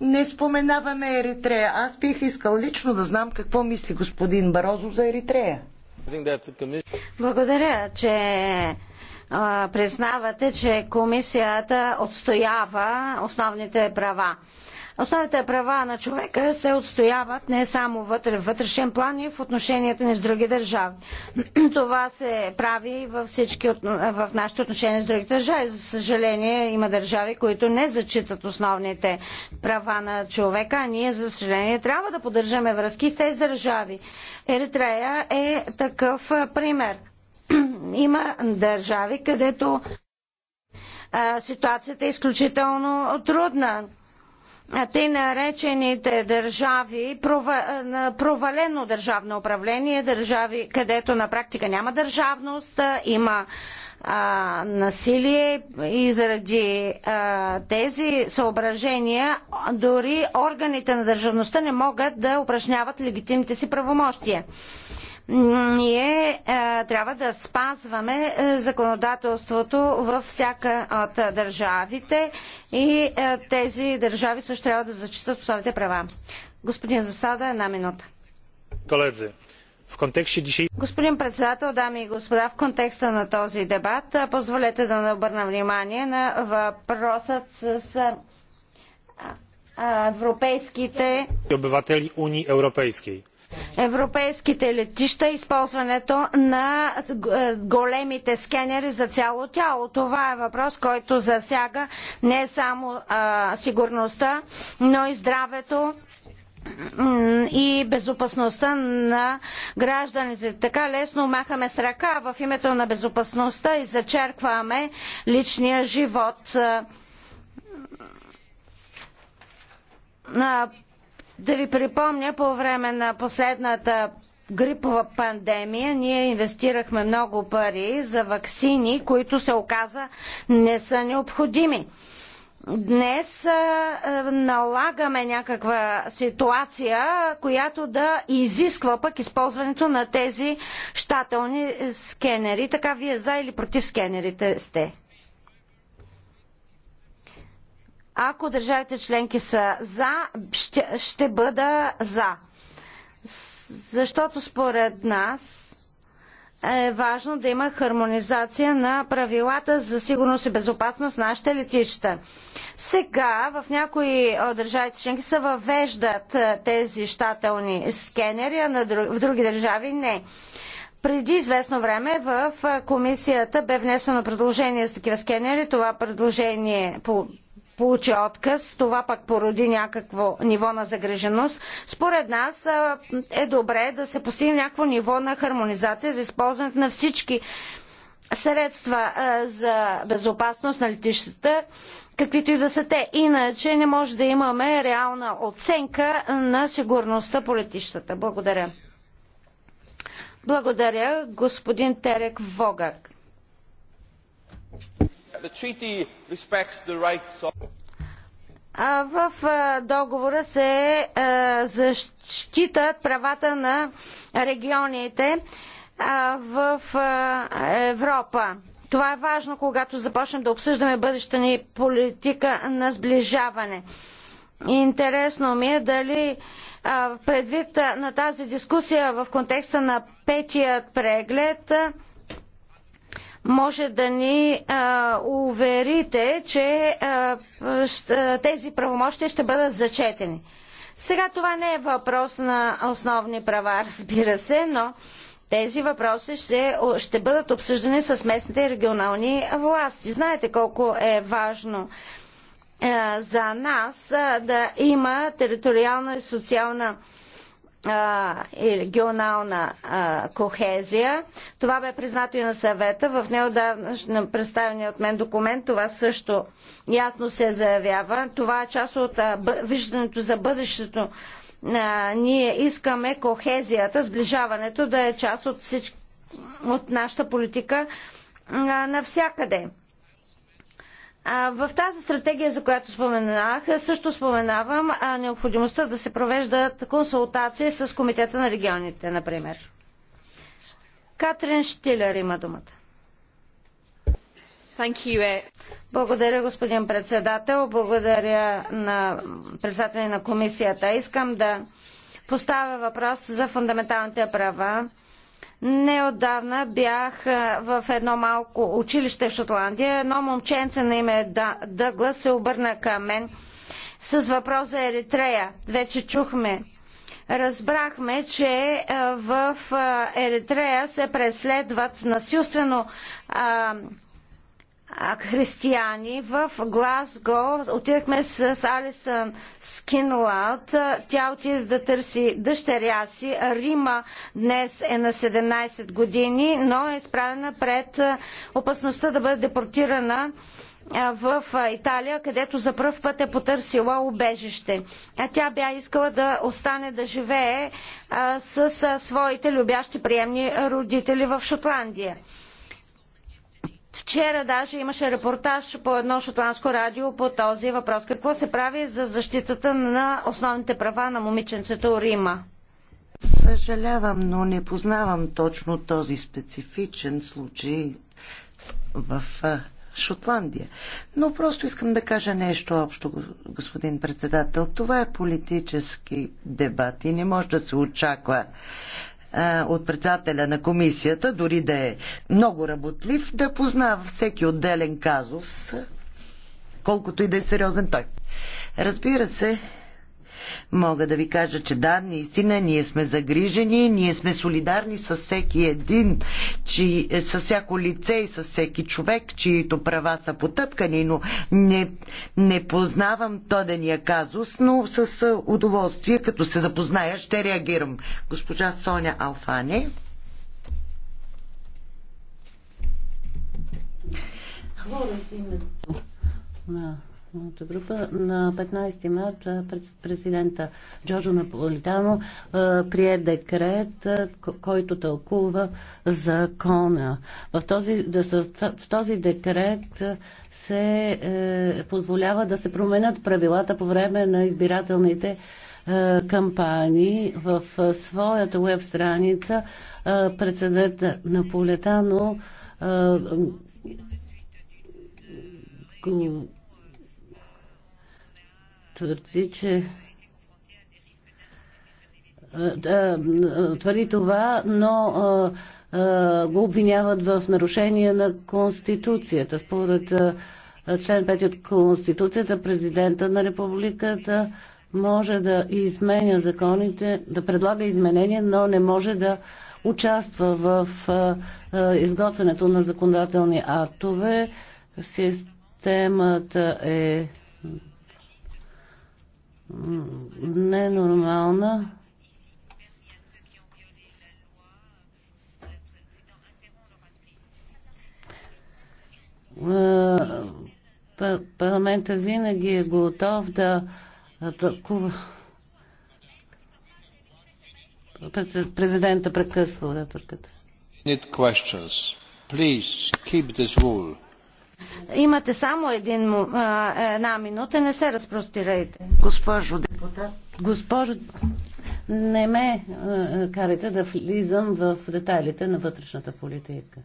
не споменаваме Еритрея. Аз бих искал лично да знам какво мисли господин Барозо за Еритрея. Благодаря, че признавате, че комисията отстоява основните права. Основните права на човека се отстояват не само вътре, в вътрешен план и в отношенията ни с други държави. Това се прави във всички, в нашите отношения с други държави. За съжаление, има държави, които не зачитат основните права на човека, а ние, за съжаление, трябва да поддържаме връзки с тези държави. Еритрея е такъв пример. Има държави, където а, ситуацията е изключително трудна. А наречените държави, провалено държавно управление, държави, където на практика няма държавност, има а, насилие и заради а, тези съображения дори органите на държавността не могат да упражняват легитимните си правомощия ние е, трябва да спазваме е, законодателството във всяка от държавите и е, тези държави също трябва да зачитат своите права. Господин Засада, една минута. Колеги, в контексте диши... Господин председател, дами и господа, в контекста на този дебат, позволете да обърна внимание на въпросът с европейските... ...обиватели Унии европейски европейските летища използването на е, големите скенери за цяло тяло. Това е въпрос, който засяга не само а, сигурността, но и здравето и безопасността на гражданите. Така лесно махаме с ръка в името на безопасността и зачеркваме личния живот. Е, да ви припомня, по време на последната грипова пандемия ние инвестирахме много пари за ваксини, които се оказа не са необходими. Днес налагаме някаква ситуация, която да изисква пък използването на тези щателни скенери. Така вие за или против скенерите сте? Ако държавите членки са за, ще, ще бъда за. Защото според нас е важно да има хармонизация на правилата за сигурност и безопасност на нашите летища. Сега в някои от държавите членки се въвеждат е, тези щателни скенери, а в други държави не. Преди известно време в е, комисията бе внесено предложение с такива скенери. Това предложение получи отказ, това пък породи някакво ниво на загреженост. Според нас е добре да се постигне някакво ниво на хармонизация за използването на всички средства за безопасност на летищата, каквито и да са те. Иначе не може да имаме реална оценка на сигурността по летищата. Благодаря. Благодаря, господин Терек Вогак в договора се защитат правата на регионите в Европа. Това е важно, когато започнем да обсъждаме бъдеща ни политика на сближаване. Интересно ми е дали предвид на тази дискусия в контекста на петият преглед, може да ни а, уверите, че а, ще, тези правомощия ще бъдат зачетени. Сега това не е въпрос на основни права, разбира се, но тези въпроси ще, ще бъдат обсъждани с местните и регионални власти. Знаете колко е важно а, за нас а, да има териториална и социална а, и регионална а, кохезия. Това бе признато и на съвета. В неодавна представения от мен документ това също ясно се заявява. Това е част от а, бъ... виждането за бъдещето. А, ние искаме кохезията, сближаването да е част от, всич... от нашата политика навсякъде. В тази стратегия, за която споменах, също споменавам необходимостта да се провеждат консултации с Комитета на регионите, например. Катрин Штилер има думата. Eh. Благодаря, господин председател. Благодаря на председателя на комисията. Искам да поставя въпрос за фундаменталните права Неодавна бях в едно малко училище в Шотландия. Едно момченце на име Дъглас се обърна към мен с въпрос за Еритрея. Вече чухме. Разбрахме, че в Еритрея се преследват насилствено християни в Глазго. Отидахме с Алисън Скинлад. Тя отиде да търси дъщеря си. Рима днес е на 17 години, но е изправена пред опасността да бъде депортирана в Италия, където за пръв път е потърсила убежище. А тя бя искала да остане да живее с своите любящи приемни родители в Шотландия. Вчера даже имаше репортаж по едно шотландско радио по този въпрос. Какво се прави за защитата на основните права на момиченцето Рима? Съжалявам, но не познавам точно този специфичен случай в Шотландия. Но просто искам да кажа нещо общо, господин председател. Това е политически дебат и не може да се очаква е, от председателя на комисията, дори да е много работлив, да познава всеки отделен казус, колкото и да е сериозен той. Разбира се, Мога да ви кажа, че да, наистина, ние сме загрижени, ние сме солидарни с всеки един, чи, е, с всяко лице и с всеки човек, чието права са потъпкани, но не, не познавам е казус, но с е, удоволствие, като се запозная, ще реагирам. Госпожа Соня Алфане. Хората Моята група на 15 март, президента Джорджо Наполитано прие декрет, който тълкува закона. В този, да, в този декрет се е, позволява да се променят правилата по време на избирателните е, кампании в своята веб страница председател Наполетано го твърди, че твърди това, но го обвиняват в нарушение на Конституцията. Според член 5 от Конституцията, президента на републиката може да изменя законите, да предлага изменения, но не може да участва в изготвянето на законодателни актове. Системата е ненормална. Е е, парламента винаги е готов да атакува. Президента прекъсва да ораторката. Need questions. Please keep this rule. Имате само един, а, една минута, не се разпростирайте. Госпожо депутат, госпожо, не ме а, карайте да влизам в детайлите на вътрешната политика.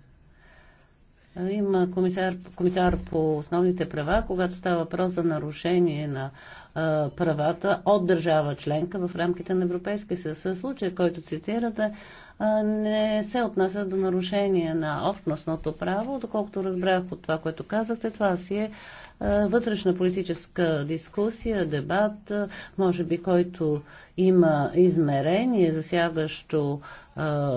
Има комисар, комисар по основните права, когато става въпрос за нарушение на а, правата от държава членка в рамките на Европейския съюз. Случай, който цитирате, не се отнася до нарушение на общностното право. Доколкото разбрах от това, което казахте, това си е вътрешна политическа дискусия, дебат, може би който има измерение, засягащо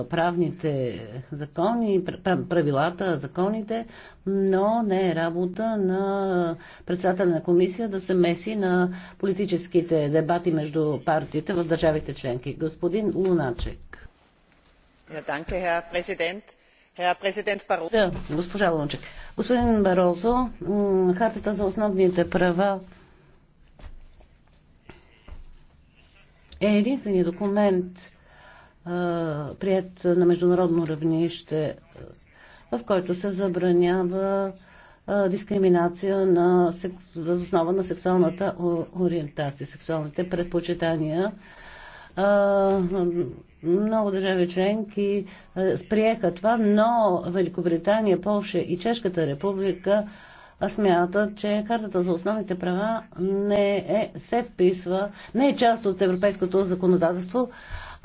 правните закони, правилата, законите, но не е работа на председателя на комисия да се меси на политическите дебати между партиите в държавите членки. Господин Луначек. Господин Барозо, хартата за основните права е единствения документ, прият на международно равнище, в който се забранява дискриминация на основа на сексуалната ориентация, сексуалните предпочитания много държави членки сприеха това, но Великобритания, Полша и Чешката република смятат, че картата за основните права не е, се вписва, не е част от европейското законодателство.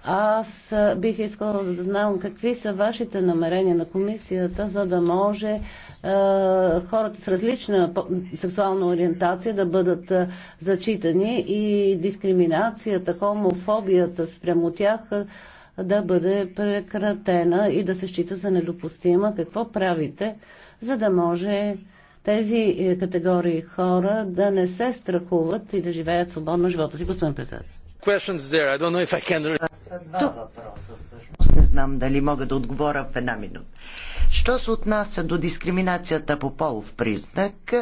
Аз бих искала да знам какви са вашите намерения на комисията, за да може е, хората с различна сексуална ориентация да бъдат е, зачитани и дискриминацията, хомофобията спрямо тях е, да бъде прекратена и да се счита за недопустима. Какво правите, за да може тези категории хора да не се страхуват и да живеят свободно живота си, господин председател? Тук не знам дали мога да отговоря в една минута. Що се отнася до дискриминацията по полов признак,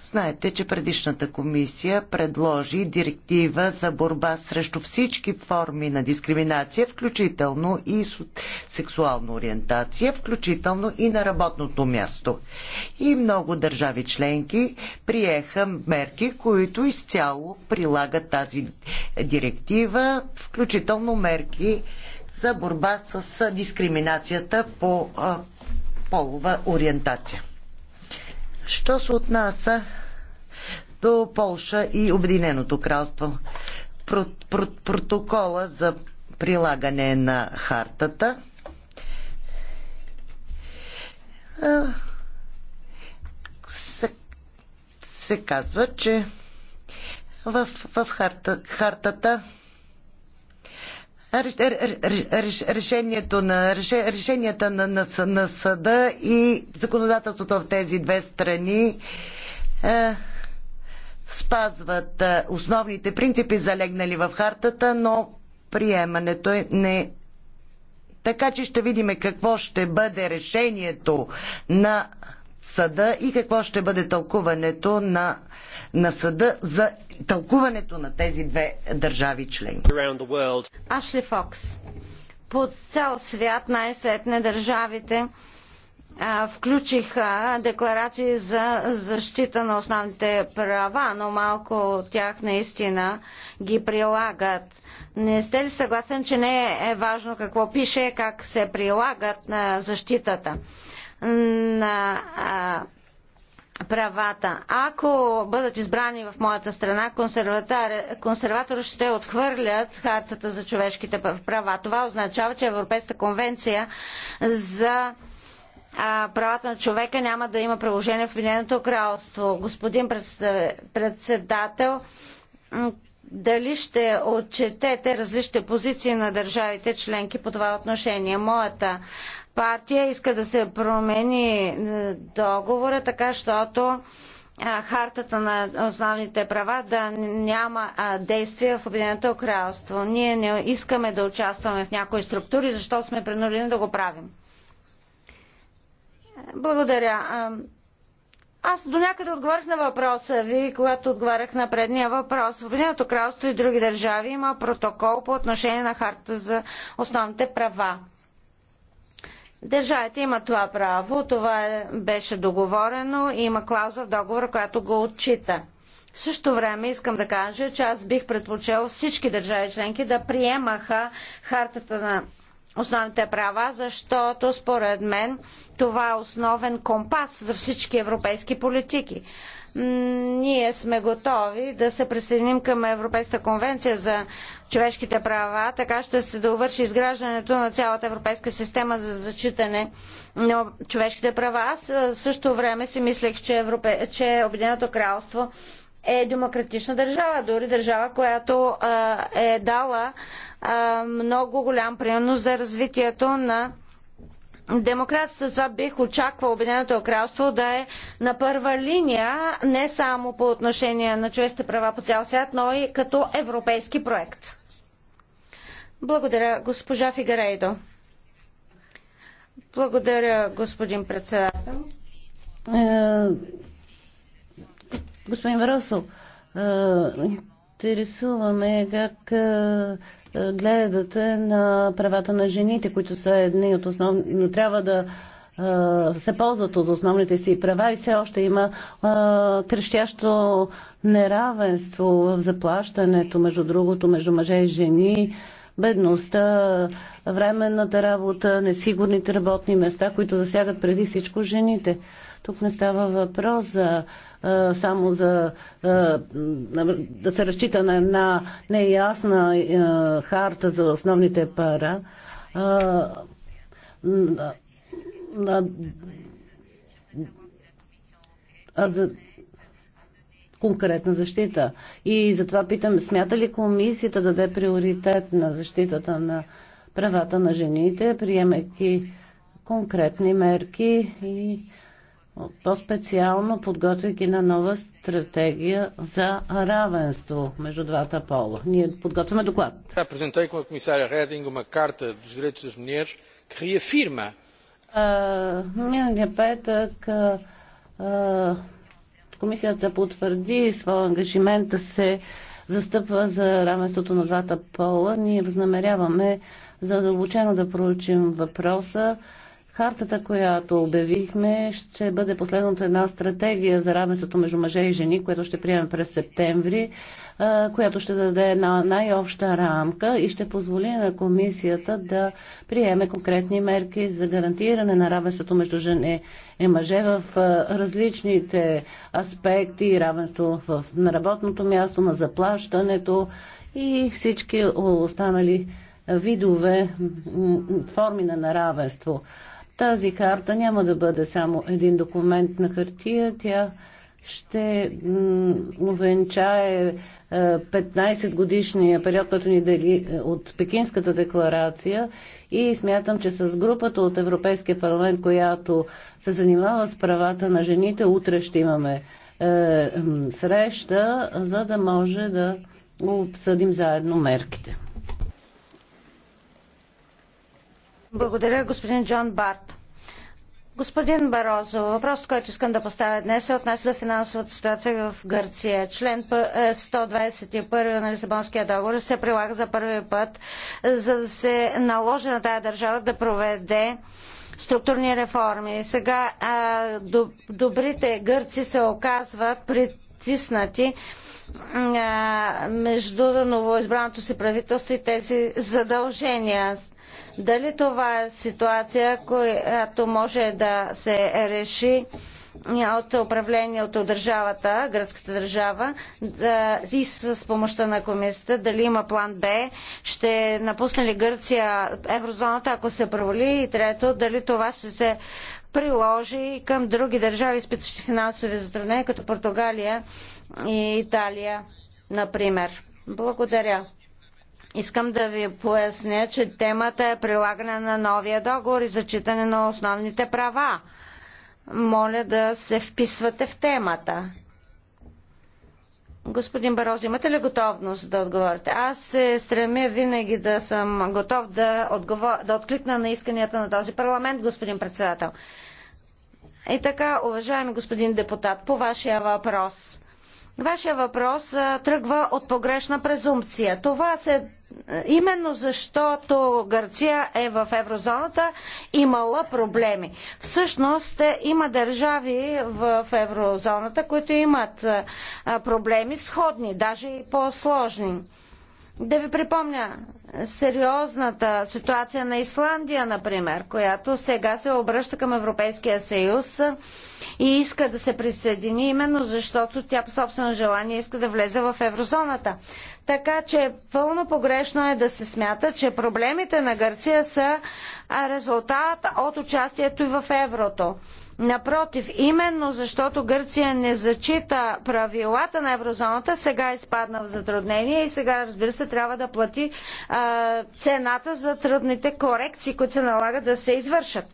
знаете, че предишната комисия предложи директива за борба срещу всички форми на дискриминация, включително и сексуална ориентация, включително и на работното място. И много държави членки приеха мерки, които изцяло прилагат тази директива, включително мерки за борба с дискриминацията по полова ориентация. Що се отнася до Полша и Обединеното кралство? протокола за прилагане на хартата се, се казва, че в, в харта, хартата е, е, е, решението на, решенията на, на, на съда и законодателството в тези две страни е, спазват основните принципи, залегнали в хартата, но приемането е не. Така че ще видим какво ще бъде решението на съда и какво ще бъде тълкуването на, на съда за тълкуването на тези две държави членки. Ашли Фокс. По цял свят най-сетне държавите а, включиха декларации за защита на основните права, но малко от тях наистина ги прилагат. Не сте ли съгласен, че не е важно какво пише, как се прилагат на защитата? на а, правата. Ако бъдат избрани в моята страна, консерватори ще отхвърлят хартата за човешките права. Това означава, че Европейската конвенция за а, правата на човека няма да има приложение в Обединеното кралство. Господин председател, дали ще отчетете различните позиции на държавите членки по това отношение? Моята партия иска да се промени е, договора, така щото хартата на основните права да няма действия в Обединеното кралство. Ние не искаме да участваме в някои структури, защото сме принудени да го правим. Благодаря. Аз до някъде отговарях на въпроса ви, когато отговарях на предния въпрос. В Обединеното кралство и други държави има протокол по отношение на харта за основните права. Държавите има това право, това е, беше договорено, и има клауза в договора, която го отчита. В същото време искам да кажа, че аз бих предпочел всички държави членки да приемаха хартата на основните права, защото според мен това е основен компас за всички европейски политики ние сме готови да се присъединим към Европейската конвенция за човешките права. Така ще се довърши изграждането на цялата европейска система за зачитане на човешките права. Аз също време си мислех, че, Европе... че Обединеното кралство е демократична държава, дори държава, която е дала много голям принос за развитието на Демокрацията с това бих очаквал Обединеното кралство да е на първа линия не само по отношение на човешките права по цял свят, но и като европейски проект. Благодаря, госпожа Фигарейдо. Благодаря, господин председател. Е, господин Варосо, е, интересуваме как е, гледате на правата на жените, които са едни от основни, трябва да се ползват от основните си права и все още има а, крещящо неравенство в заплащането, между другото, между мъже и жени, бедността, временната работа, несигурните работни места, които засягат преди всичко жените. Тук не става въпрос за само за да се разчита на една неясна харта за основните пара. А за конкретна защита. И затова питам, смята ли комисията да даде приоритет на защитата на правата на жените, приемайки конкретни мерки и по-специално подготвяйки на нова стратегия за равенство между двата пола. Ние подготвяме доклад. Миналия петък а, комисията потвърди своя ангажимент да се застъпва за равенството на двата пола. Ние възнамеряваме задълбочено да проучим въпроса Хартата, която обявихме, ще бъде последната една стратегия за равенството между мъже и жени, която ще приемем през септември, която ще даде една най-обща рамка и ще позволи на комисията да приеме конкретни мерки за гарантиране на равенството между жени и мъже в различните аспекти, равенство в, на работното място, на заплащането и всички останали видове форми на неравенство. Тази карта няма да бъде само един документ на хартия, тя ще увенчае 15 е, годишния период, който ни дели е, от Пекинската декларация и смятам, че с групата от Европейския парламент, която се занимава с правата на жените, утре ще имаме е, среща, за да може да обсъдим заедно мерките. Благодаря, господин Джон Барт. Господин Барозо, въпросът, който искам да поставя днес се отнася до финансовата ситуация в Гърция. Член 121 е, на Лисабонския договор се прилага за първи път, за да се наложи на тая държава да проведе структурни реформи. Сега а, добрите гърци се оказват притиснати а, между новоизбраното си правителство и тези задължения. Дали това е ситуация, която може да се реши от управлението държавата, гръцката държава да, и с помощта на комисията, дали има план Б, ще напусне ли Гърция еврозоната, ако се провали и трето, дали това ще се приложи към други държави, изпитващи финансови затруднения, като Португалия и Италия, например. Благодаря. Искам да ви поясня, че темата е прилагане на новия договор и зачитане на основните права. Моля да се вписвате в темата. Господин Бароз, имате ли готовност да отговорите? Аз се стремя винаги да съм готов да, отговор... да откликна на исканията на този парламент, господин председател. И така, уважаеми господин депутат, по вашия въпрос. Вашия въпрос а, тръгва от погрешна презумпция. Това се Именно защото Гърция е в еврозоната, имала проблеми. Всъщност е, има държави в еврозоната, които имат е, проблеми сходни, даже и по-сложни. Да ви припомня сериозната ситуация на Исландия, например, която сега се обръща към Европейския съюз е, и иска да се присъедини, именно защото тя по собствено желание иска да влезе в еврозоната. Така че пълно погрешно е да се смята, че проблемите на Гърция са резултат от участието и в еврото. Напротив, именно защото Гърция не зачита правилата на еврозоната, сега изпадна в затруднение и сега, разбира се, трябва да плати а, цената за трудните корекции, които се налага да се извършат.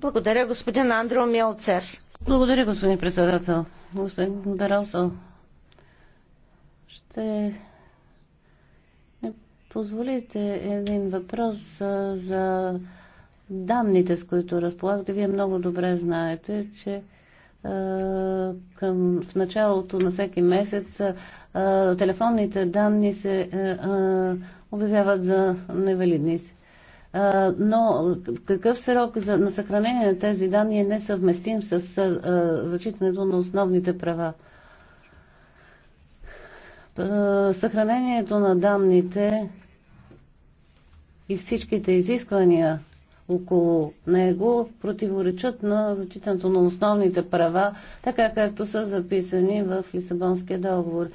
Благодаря, господин Андро Милцер. Благодаря, господин председател. Господин Бералсо, ще ми позволите един въпрос за данните, с които разполагате. Вие много добре знаете, че към, в началото на всеки месец а, телефонните данни се а, обявяват за невалидни. А, но какъв срок за, на съхранение на тези данни е несъвместим с а, зачитането на основните права? Е, съхранението на данните и всичките изисквания около него противоречат на зачитането на основните права, така както са записани в Лисабонския договор.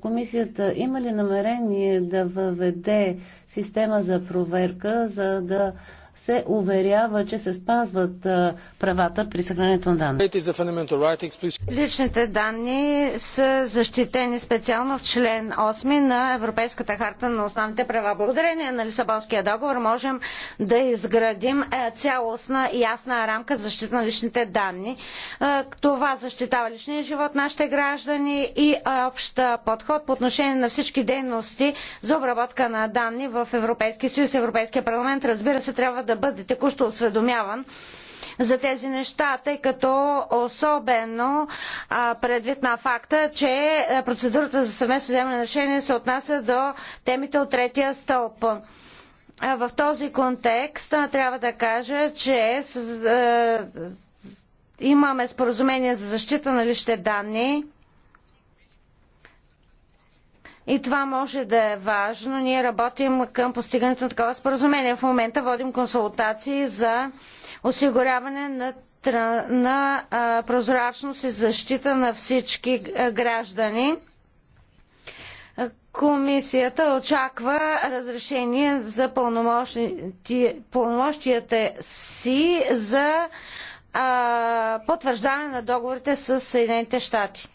Комисията има ли намерение да въведе система за проверка, за да се уверява, че се спазват правата при съхранението на данни. Личните данни са защитени специално в член 8 на Европейската харта на основните права. Благодарение на Лисабонския договор можем да изградим е, цялостна и ясна рамка за защита на личните данни. Е, това защитава личния живот нашите граждани и общ подход по отношение на всички дейности за обработка на данни в Европейския съюз. Европейския парламент, разбира се, трябва трябва да бъде текущо осведомяван за тези неща, тъй като особено а, предвид на факта, че процедурата за съвместно вземане на решение се отнася до темите от третия стълб. А, в този контекст а, трябва да кажа, че с, имаме споразумение за защита на личните данни и това може да е важно. Ние работим към постигането на такова споразумение. В момента водим консултации за осигуряване на, на а, прозрачност и защита на всички граждани. Комисията очаква разрешение за пълномощията си за а, потвърждаване на договорите с Съединените щати.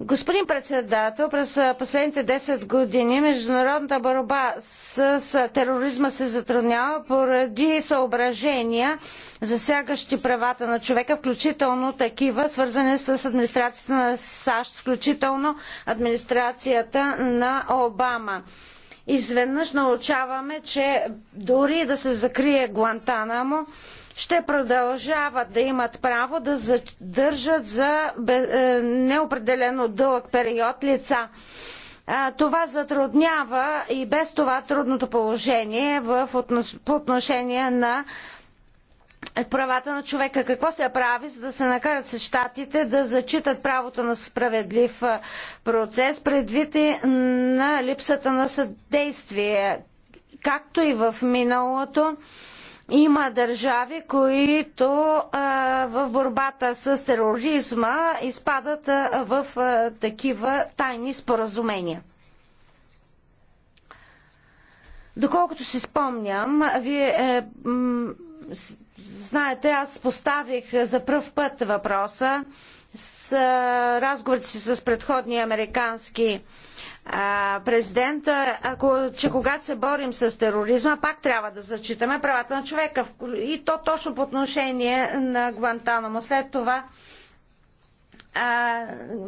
Господин председател, през последните 10 години международната борба с, с тероризма се затруднява поради съображения, засягащи правата на човека, включително такива, свързани с администрацията на САЩ, включително администрацията на Обама. Изведнъж научаваме, че дори да се закрие Гуантанамо, ще продължават да имат право да задържат за е, неопределено дълъг период лица. Това затруднява и без това трудното положение в, по отношение на правата на човека. Какво се прави, за да се накарат с щатите да зачитат правото на справедлив процес, предвид и на липсата на съдействие, както и в миналото? Има държави, които в борбата с тероризма изпадат в такива тайни споразумения. Доколкото си спомням, вие е, знаете, аз поставих за пръв път въпроса с разговорите си с предходни американски президента, ако, че когато се борим с тероризма, пак трябва да зачитаме правата на човека. И то точно по отношение на Гуантанамо. След това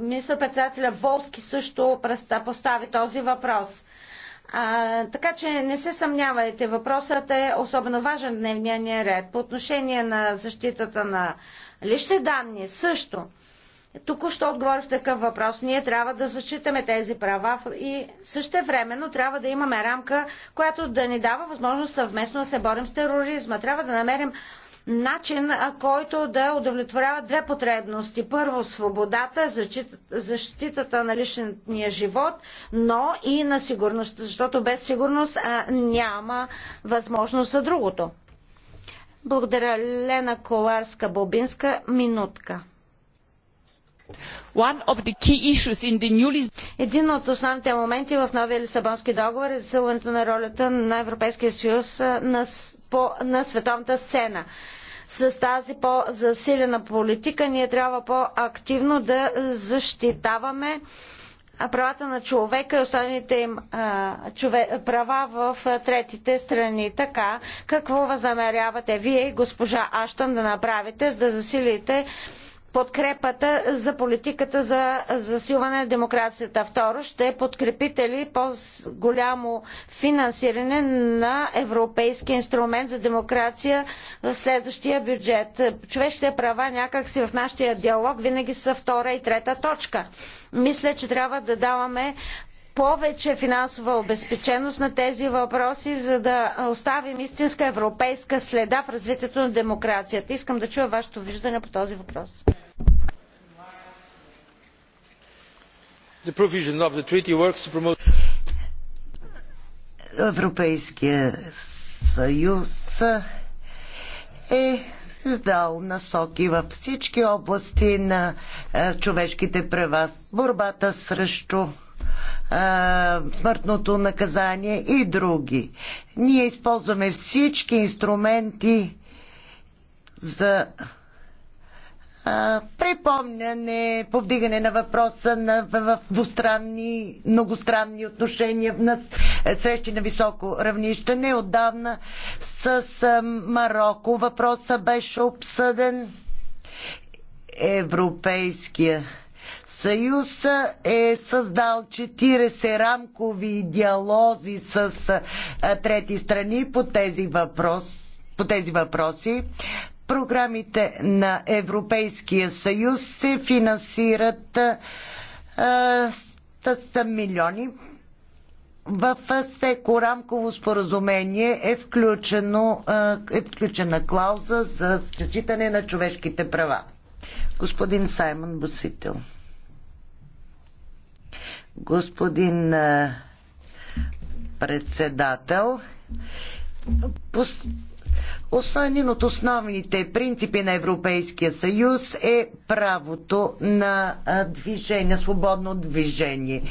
министър-председателя Волски също постави този въпрос. А, така че не се съмнявайте, въпросът е особено важен дневния ни ред. По отношение на защитата на лични данни също. Току-що отговорих такъв въпрос. Ние трябва да зачитаме тези права и също времено трябва да имаме рамка, която да ни дава възможност съвместно да се борим с тероризма. Трябва да намерим начин, който да удовлетворява две потребности. Първо, свободата, защитата на личния живот, но и на сигурността, защото без сигурност а, няма възможност за другото. Благодаря Лена Коларска-Бобинска. Минутка. Един от основните моменти в новия Лисабонски договор е засилването на ролята на Европейския съюз на, по, на световната сцена. С тази по-засилена политика ние трябва по-активно да защитаваме правата на човека и останалите им а, чове, права в третите страни. Така, какво възнамерявате вие, госпожа Аштан, да направите, за да засилите подкрепата за политиката за засилване на демокрацията. Второ, ще подкрепите ли по-голямо финансиране на Европейския инструмент за демокрация в следващия бюджет? Човешките права някакси в нашия диалог винаги са втора и трета точка. Мисля, че трябва да даваме повече финансова обезпеченост на тези въпроси, за да оставим истинска европейска следа в развитието на демокрацията. Искам да чуя вашето виждане по този въпрос. Европейския съюз е издал насоки във всички области на е, човешките права. Борбата срещу смъртното наказание и други. Ние използваме всички инструменти за припомняне, повдигане на въпроса на, в, двустранни, многостранни отношения на срещи на високо равнище. Не отдавна с Марокко въпроса беше обсъден. Европейския съюз е създал 40 рамкови диалози с трети страни по тези, въпрос, по тези въпроси. Програмите на Европейския съюз се финансират е, с милиони В всеко рамково споразумение е, включено, е включена клауза за зачитане на човешките права. Господин Саймон Бусител господин председател. Един от основните принципи на Европейския съюз е правото на движение, свободно движение.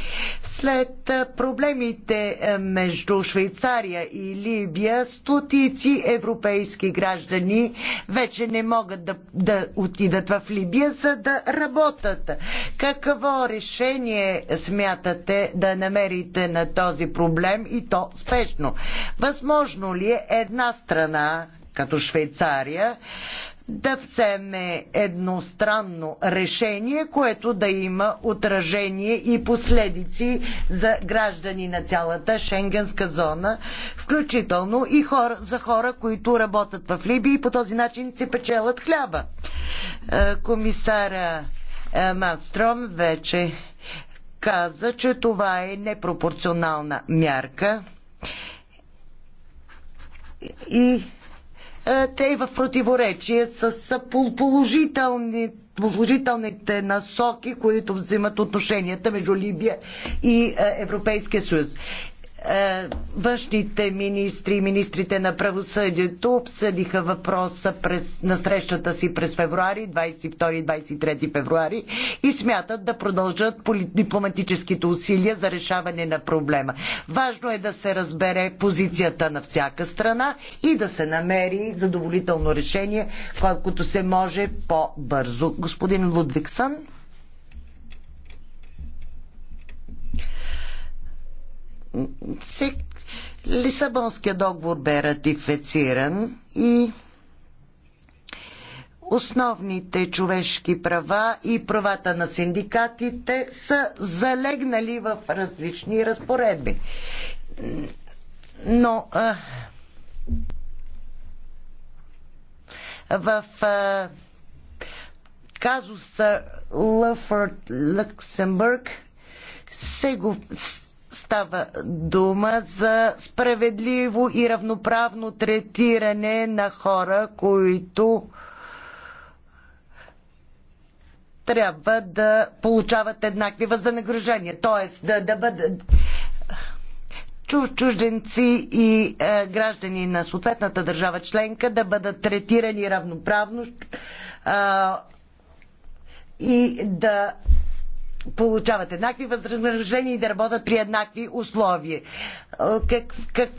След проблемите между Швейцария и Либия, стотици европейски граждани вече не могат да, да отидат в Либия, за да работят. Какво решение смятате да намерите на този проблем и то спешно? Възможно ли е една страна като Швейцария, да вземе едностранно решение, което да има отражение и последици за граждани на цялата Шенгенска зона, включително и хора, за хора, които работят в Либия и по този начин се печелят хляба. Е, комисара е, Малстром вече каза, че това е непропорционална мярка и е, те в противоречие с положителни, положителните насоки, които взимат отношенията между Либия и е, Европейския съюз. Е, външните министри и министрите на правосъдието обсъдиха въпроса през, на срещата си през февруари, 22-23 февруари и смятат да продължат дипломатическите усилия за решаване на проблема. Важно е да се разбере позицията на всяка страна и да се намери задоволително решение, колкото се може по-бързо. Господин Лудвиксън. се, Лисабонския договор бе ратифициран и основните човешки права и правата на синдикатите са залегнали в различни разпоредби. Но а, в а, казуса Лъфърт Люксембург се го Става дума за справедливо и равноправно третиране на хора, които трябва да получават еднакви възнаграждения. Тоест да, да бъдат чужденци и е, граждани на съответната държава членка да бъдат третирани равноправно е, и да получават еднакви възнаграждения и да работят при еднакви условия. Е, как, как,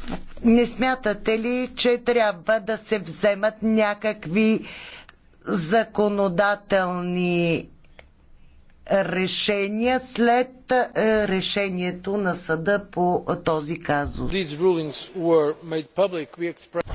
не смятате ли, че трябва да се вземат някакви законодателни решения след е, решението на съда по този казус.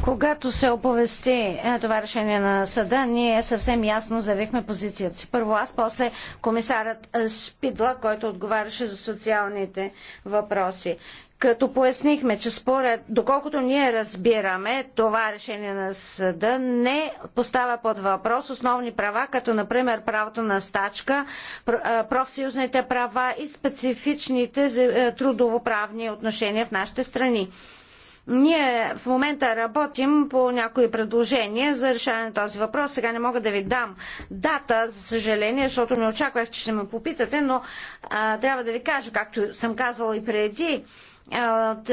Когато се оповести е, това решение на съда, ние съвсем ясно заявихме позицията си. Първо аз, после комисарът Шпидла, който отговаряше за социалните въпроси като пояснихме, че според, доколкото ние разбираме, това решение на съда не поставя под въпрос основни права, като например правото на стачка, профсъюзните права и специфичните е, трудовоправни отношения в нашите страни. Ние в момента работим по някои предложения за решаване на този въпрос. Сега не мога да ви дам дата, за съжаление, защото не очаквах, че ще ме попитате, но а, трябва да ви кажа, както съм казвала и преди, от,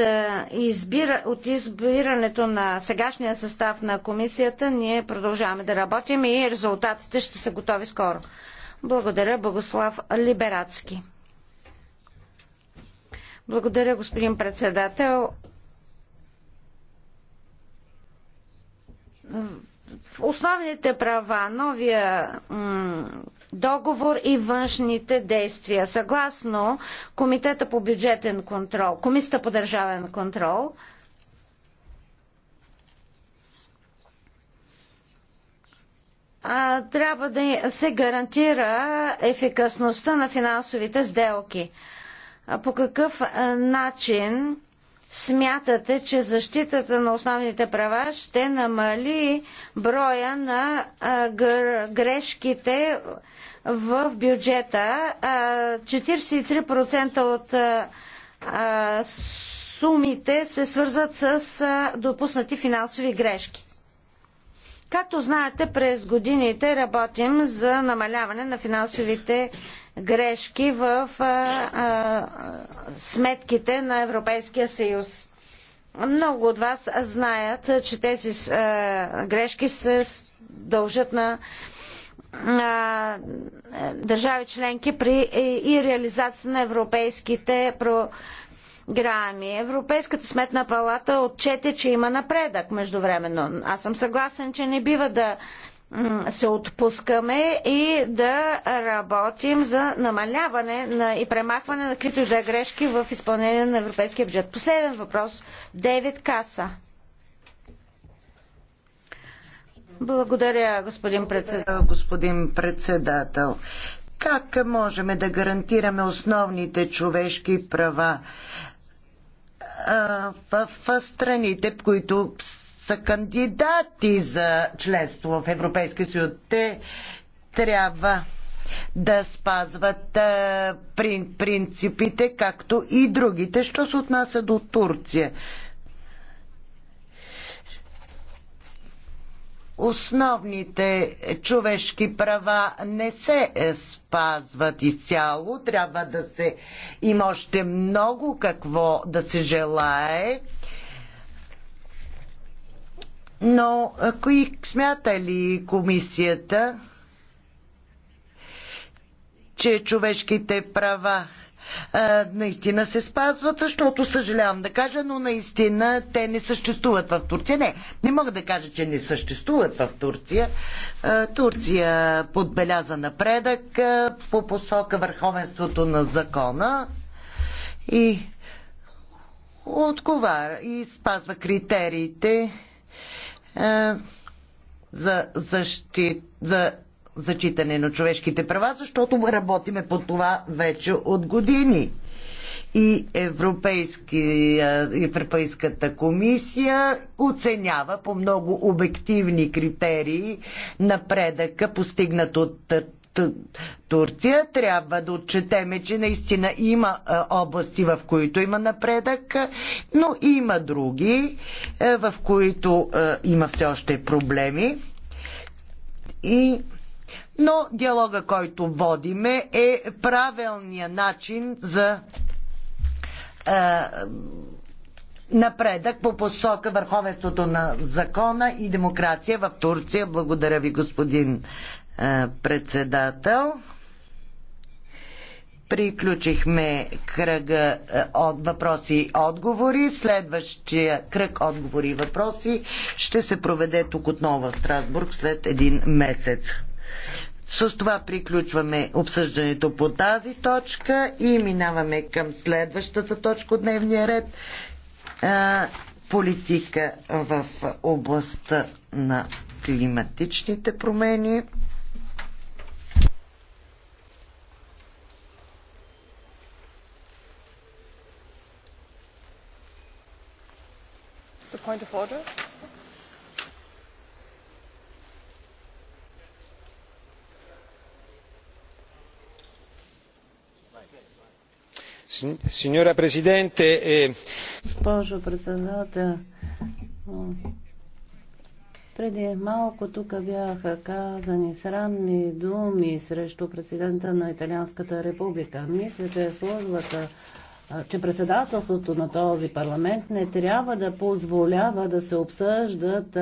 избира, от избирането на сегашния състав на комисията ние продължаваме да работим и резултатите ще са готови скоро. Благодаря, Богослав Либерацки. Благодаря, господин председател. Основните права, новия договор и външните действия. Съгласно Комитета по бюджетен контрол, Комисията по държавен контрол, а, трябва да се гарантира ефикасността на финансовите сделки. А, по какъв а, начин смятате, че защитата на основните права ще намали броя на грешките в бюджета. 43% от сумите се свързват с допуснати финансови грешки. Както знаете, през годините работим за намаляване на финансовите грешки в а, а, сметките на Европейския съюз. Много от вас знаят, че тези а, грешки се дължат на държави членки при и реализация на европейските програми. Европейската сметна палата отчете, че има напредък междувременно. Аз съм съгласен, че не бива да се отпускаме и да работим за намаляване на и премахване на каквито да е грешки в изпълнение на европейския бюджет. Последен въпрос. Девид Каса. Благодаря, господин председател. Господин председател, как можем да гарантираме основните човешки права в страните, в които са кандидати за членство в Европейския съюз. Те трябва да спазват а, прин, принципите, както и другите. Що се отнася до Турция? Основните човешки права не се е, спазват изцяло. Трябва да се има още много какво да се желае. Но кои смята ли комисията, че човешките права а, наистина се спазват, защото съжалявам да кажа, но наистина те не съществуват в Турция. Не, не мога да кажа, че не съществуват в Турция. А, Турция подбеляза напредък а, по посока върховенството на закона и отговаря и спазва критериите е, за, защит, за зачитане на човешките права, защото работиме по това вече от години. И е, Европейската комисия оценява по много обективни критерии напредъка, постигнат от Турция, трябва да отчетеме, че наистина има области, в които има напредък, но има други, в които има все още проблеми. И но диалога, който водиме, е правилния начин за напредък по посока върховенството на закона и демокрация в Турция. Благодаря ви, господин председател. Приключихме кръга от въпроси и отговори. Следващия кръг отговори и въпроси ще се проведе тук отново в Страсбург след един месец. С това приключваме обсъждането по тази точка и минаваме към следващата точка от дневния ред. Политика в областта на климатичните промени. point of order? Signora Presidente, eh, Госпожо председател, преди малко тук бяха казани срамни думи срещу президента на Италианската република. Мислите, че службата че председателството на този парламент не трябва да позволява да се обсъждат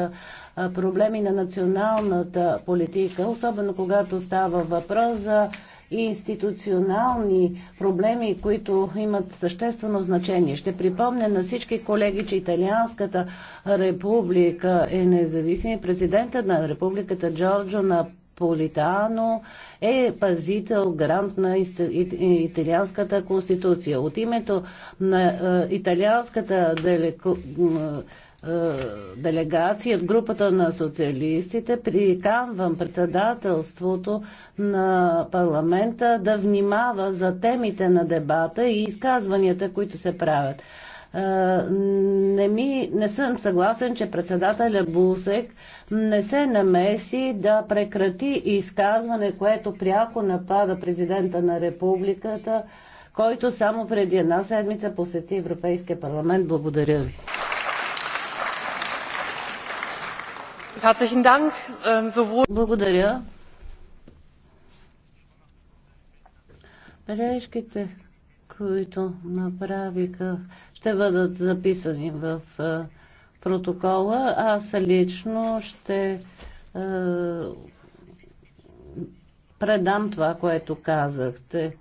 проблеми на националната политика, особено когато става въпрос за институционални проблеми, които имат съществено значение. Ще припомня на всички колеги, че Италианската република е независима. Президентът на републиката Джорджо на Политано е пазител, грант на италианската конституция. От името на е, италианската е, делегация от групата на социалистите приканвам председателството на парламента да внимава за темите на дебата и изказванията, които се правят. Е, не, ми, не съм съгласен, че председателя Бусек не се намеси да прекрати изказване, което пряко напада президента на републиката, който само преди една седмица посети Европейския парламент. Благодаря ви. Ähm, Благодаря. Бележките, които направиха ще бъдат записани в протокола. Аз лично ще предам това, което казахте.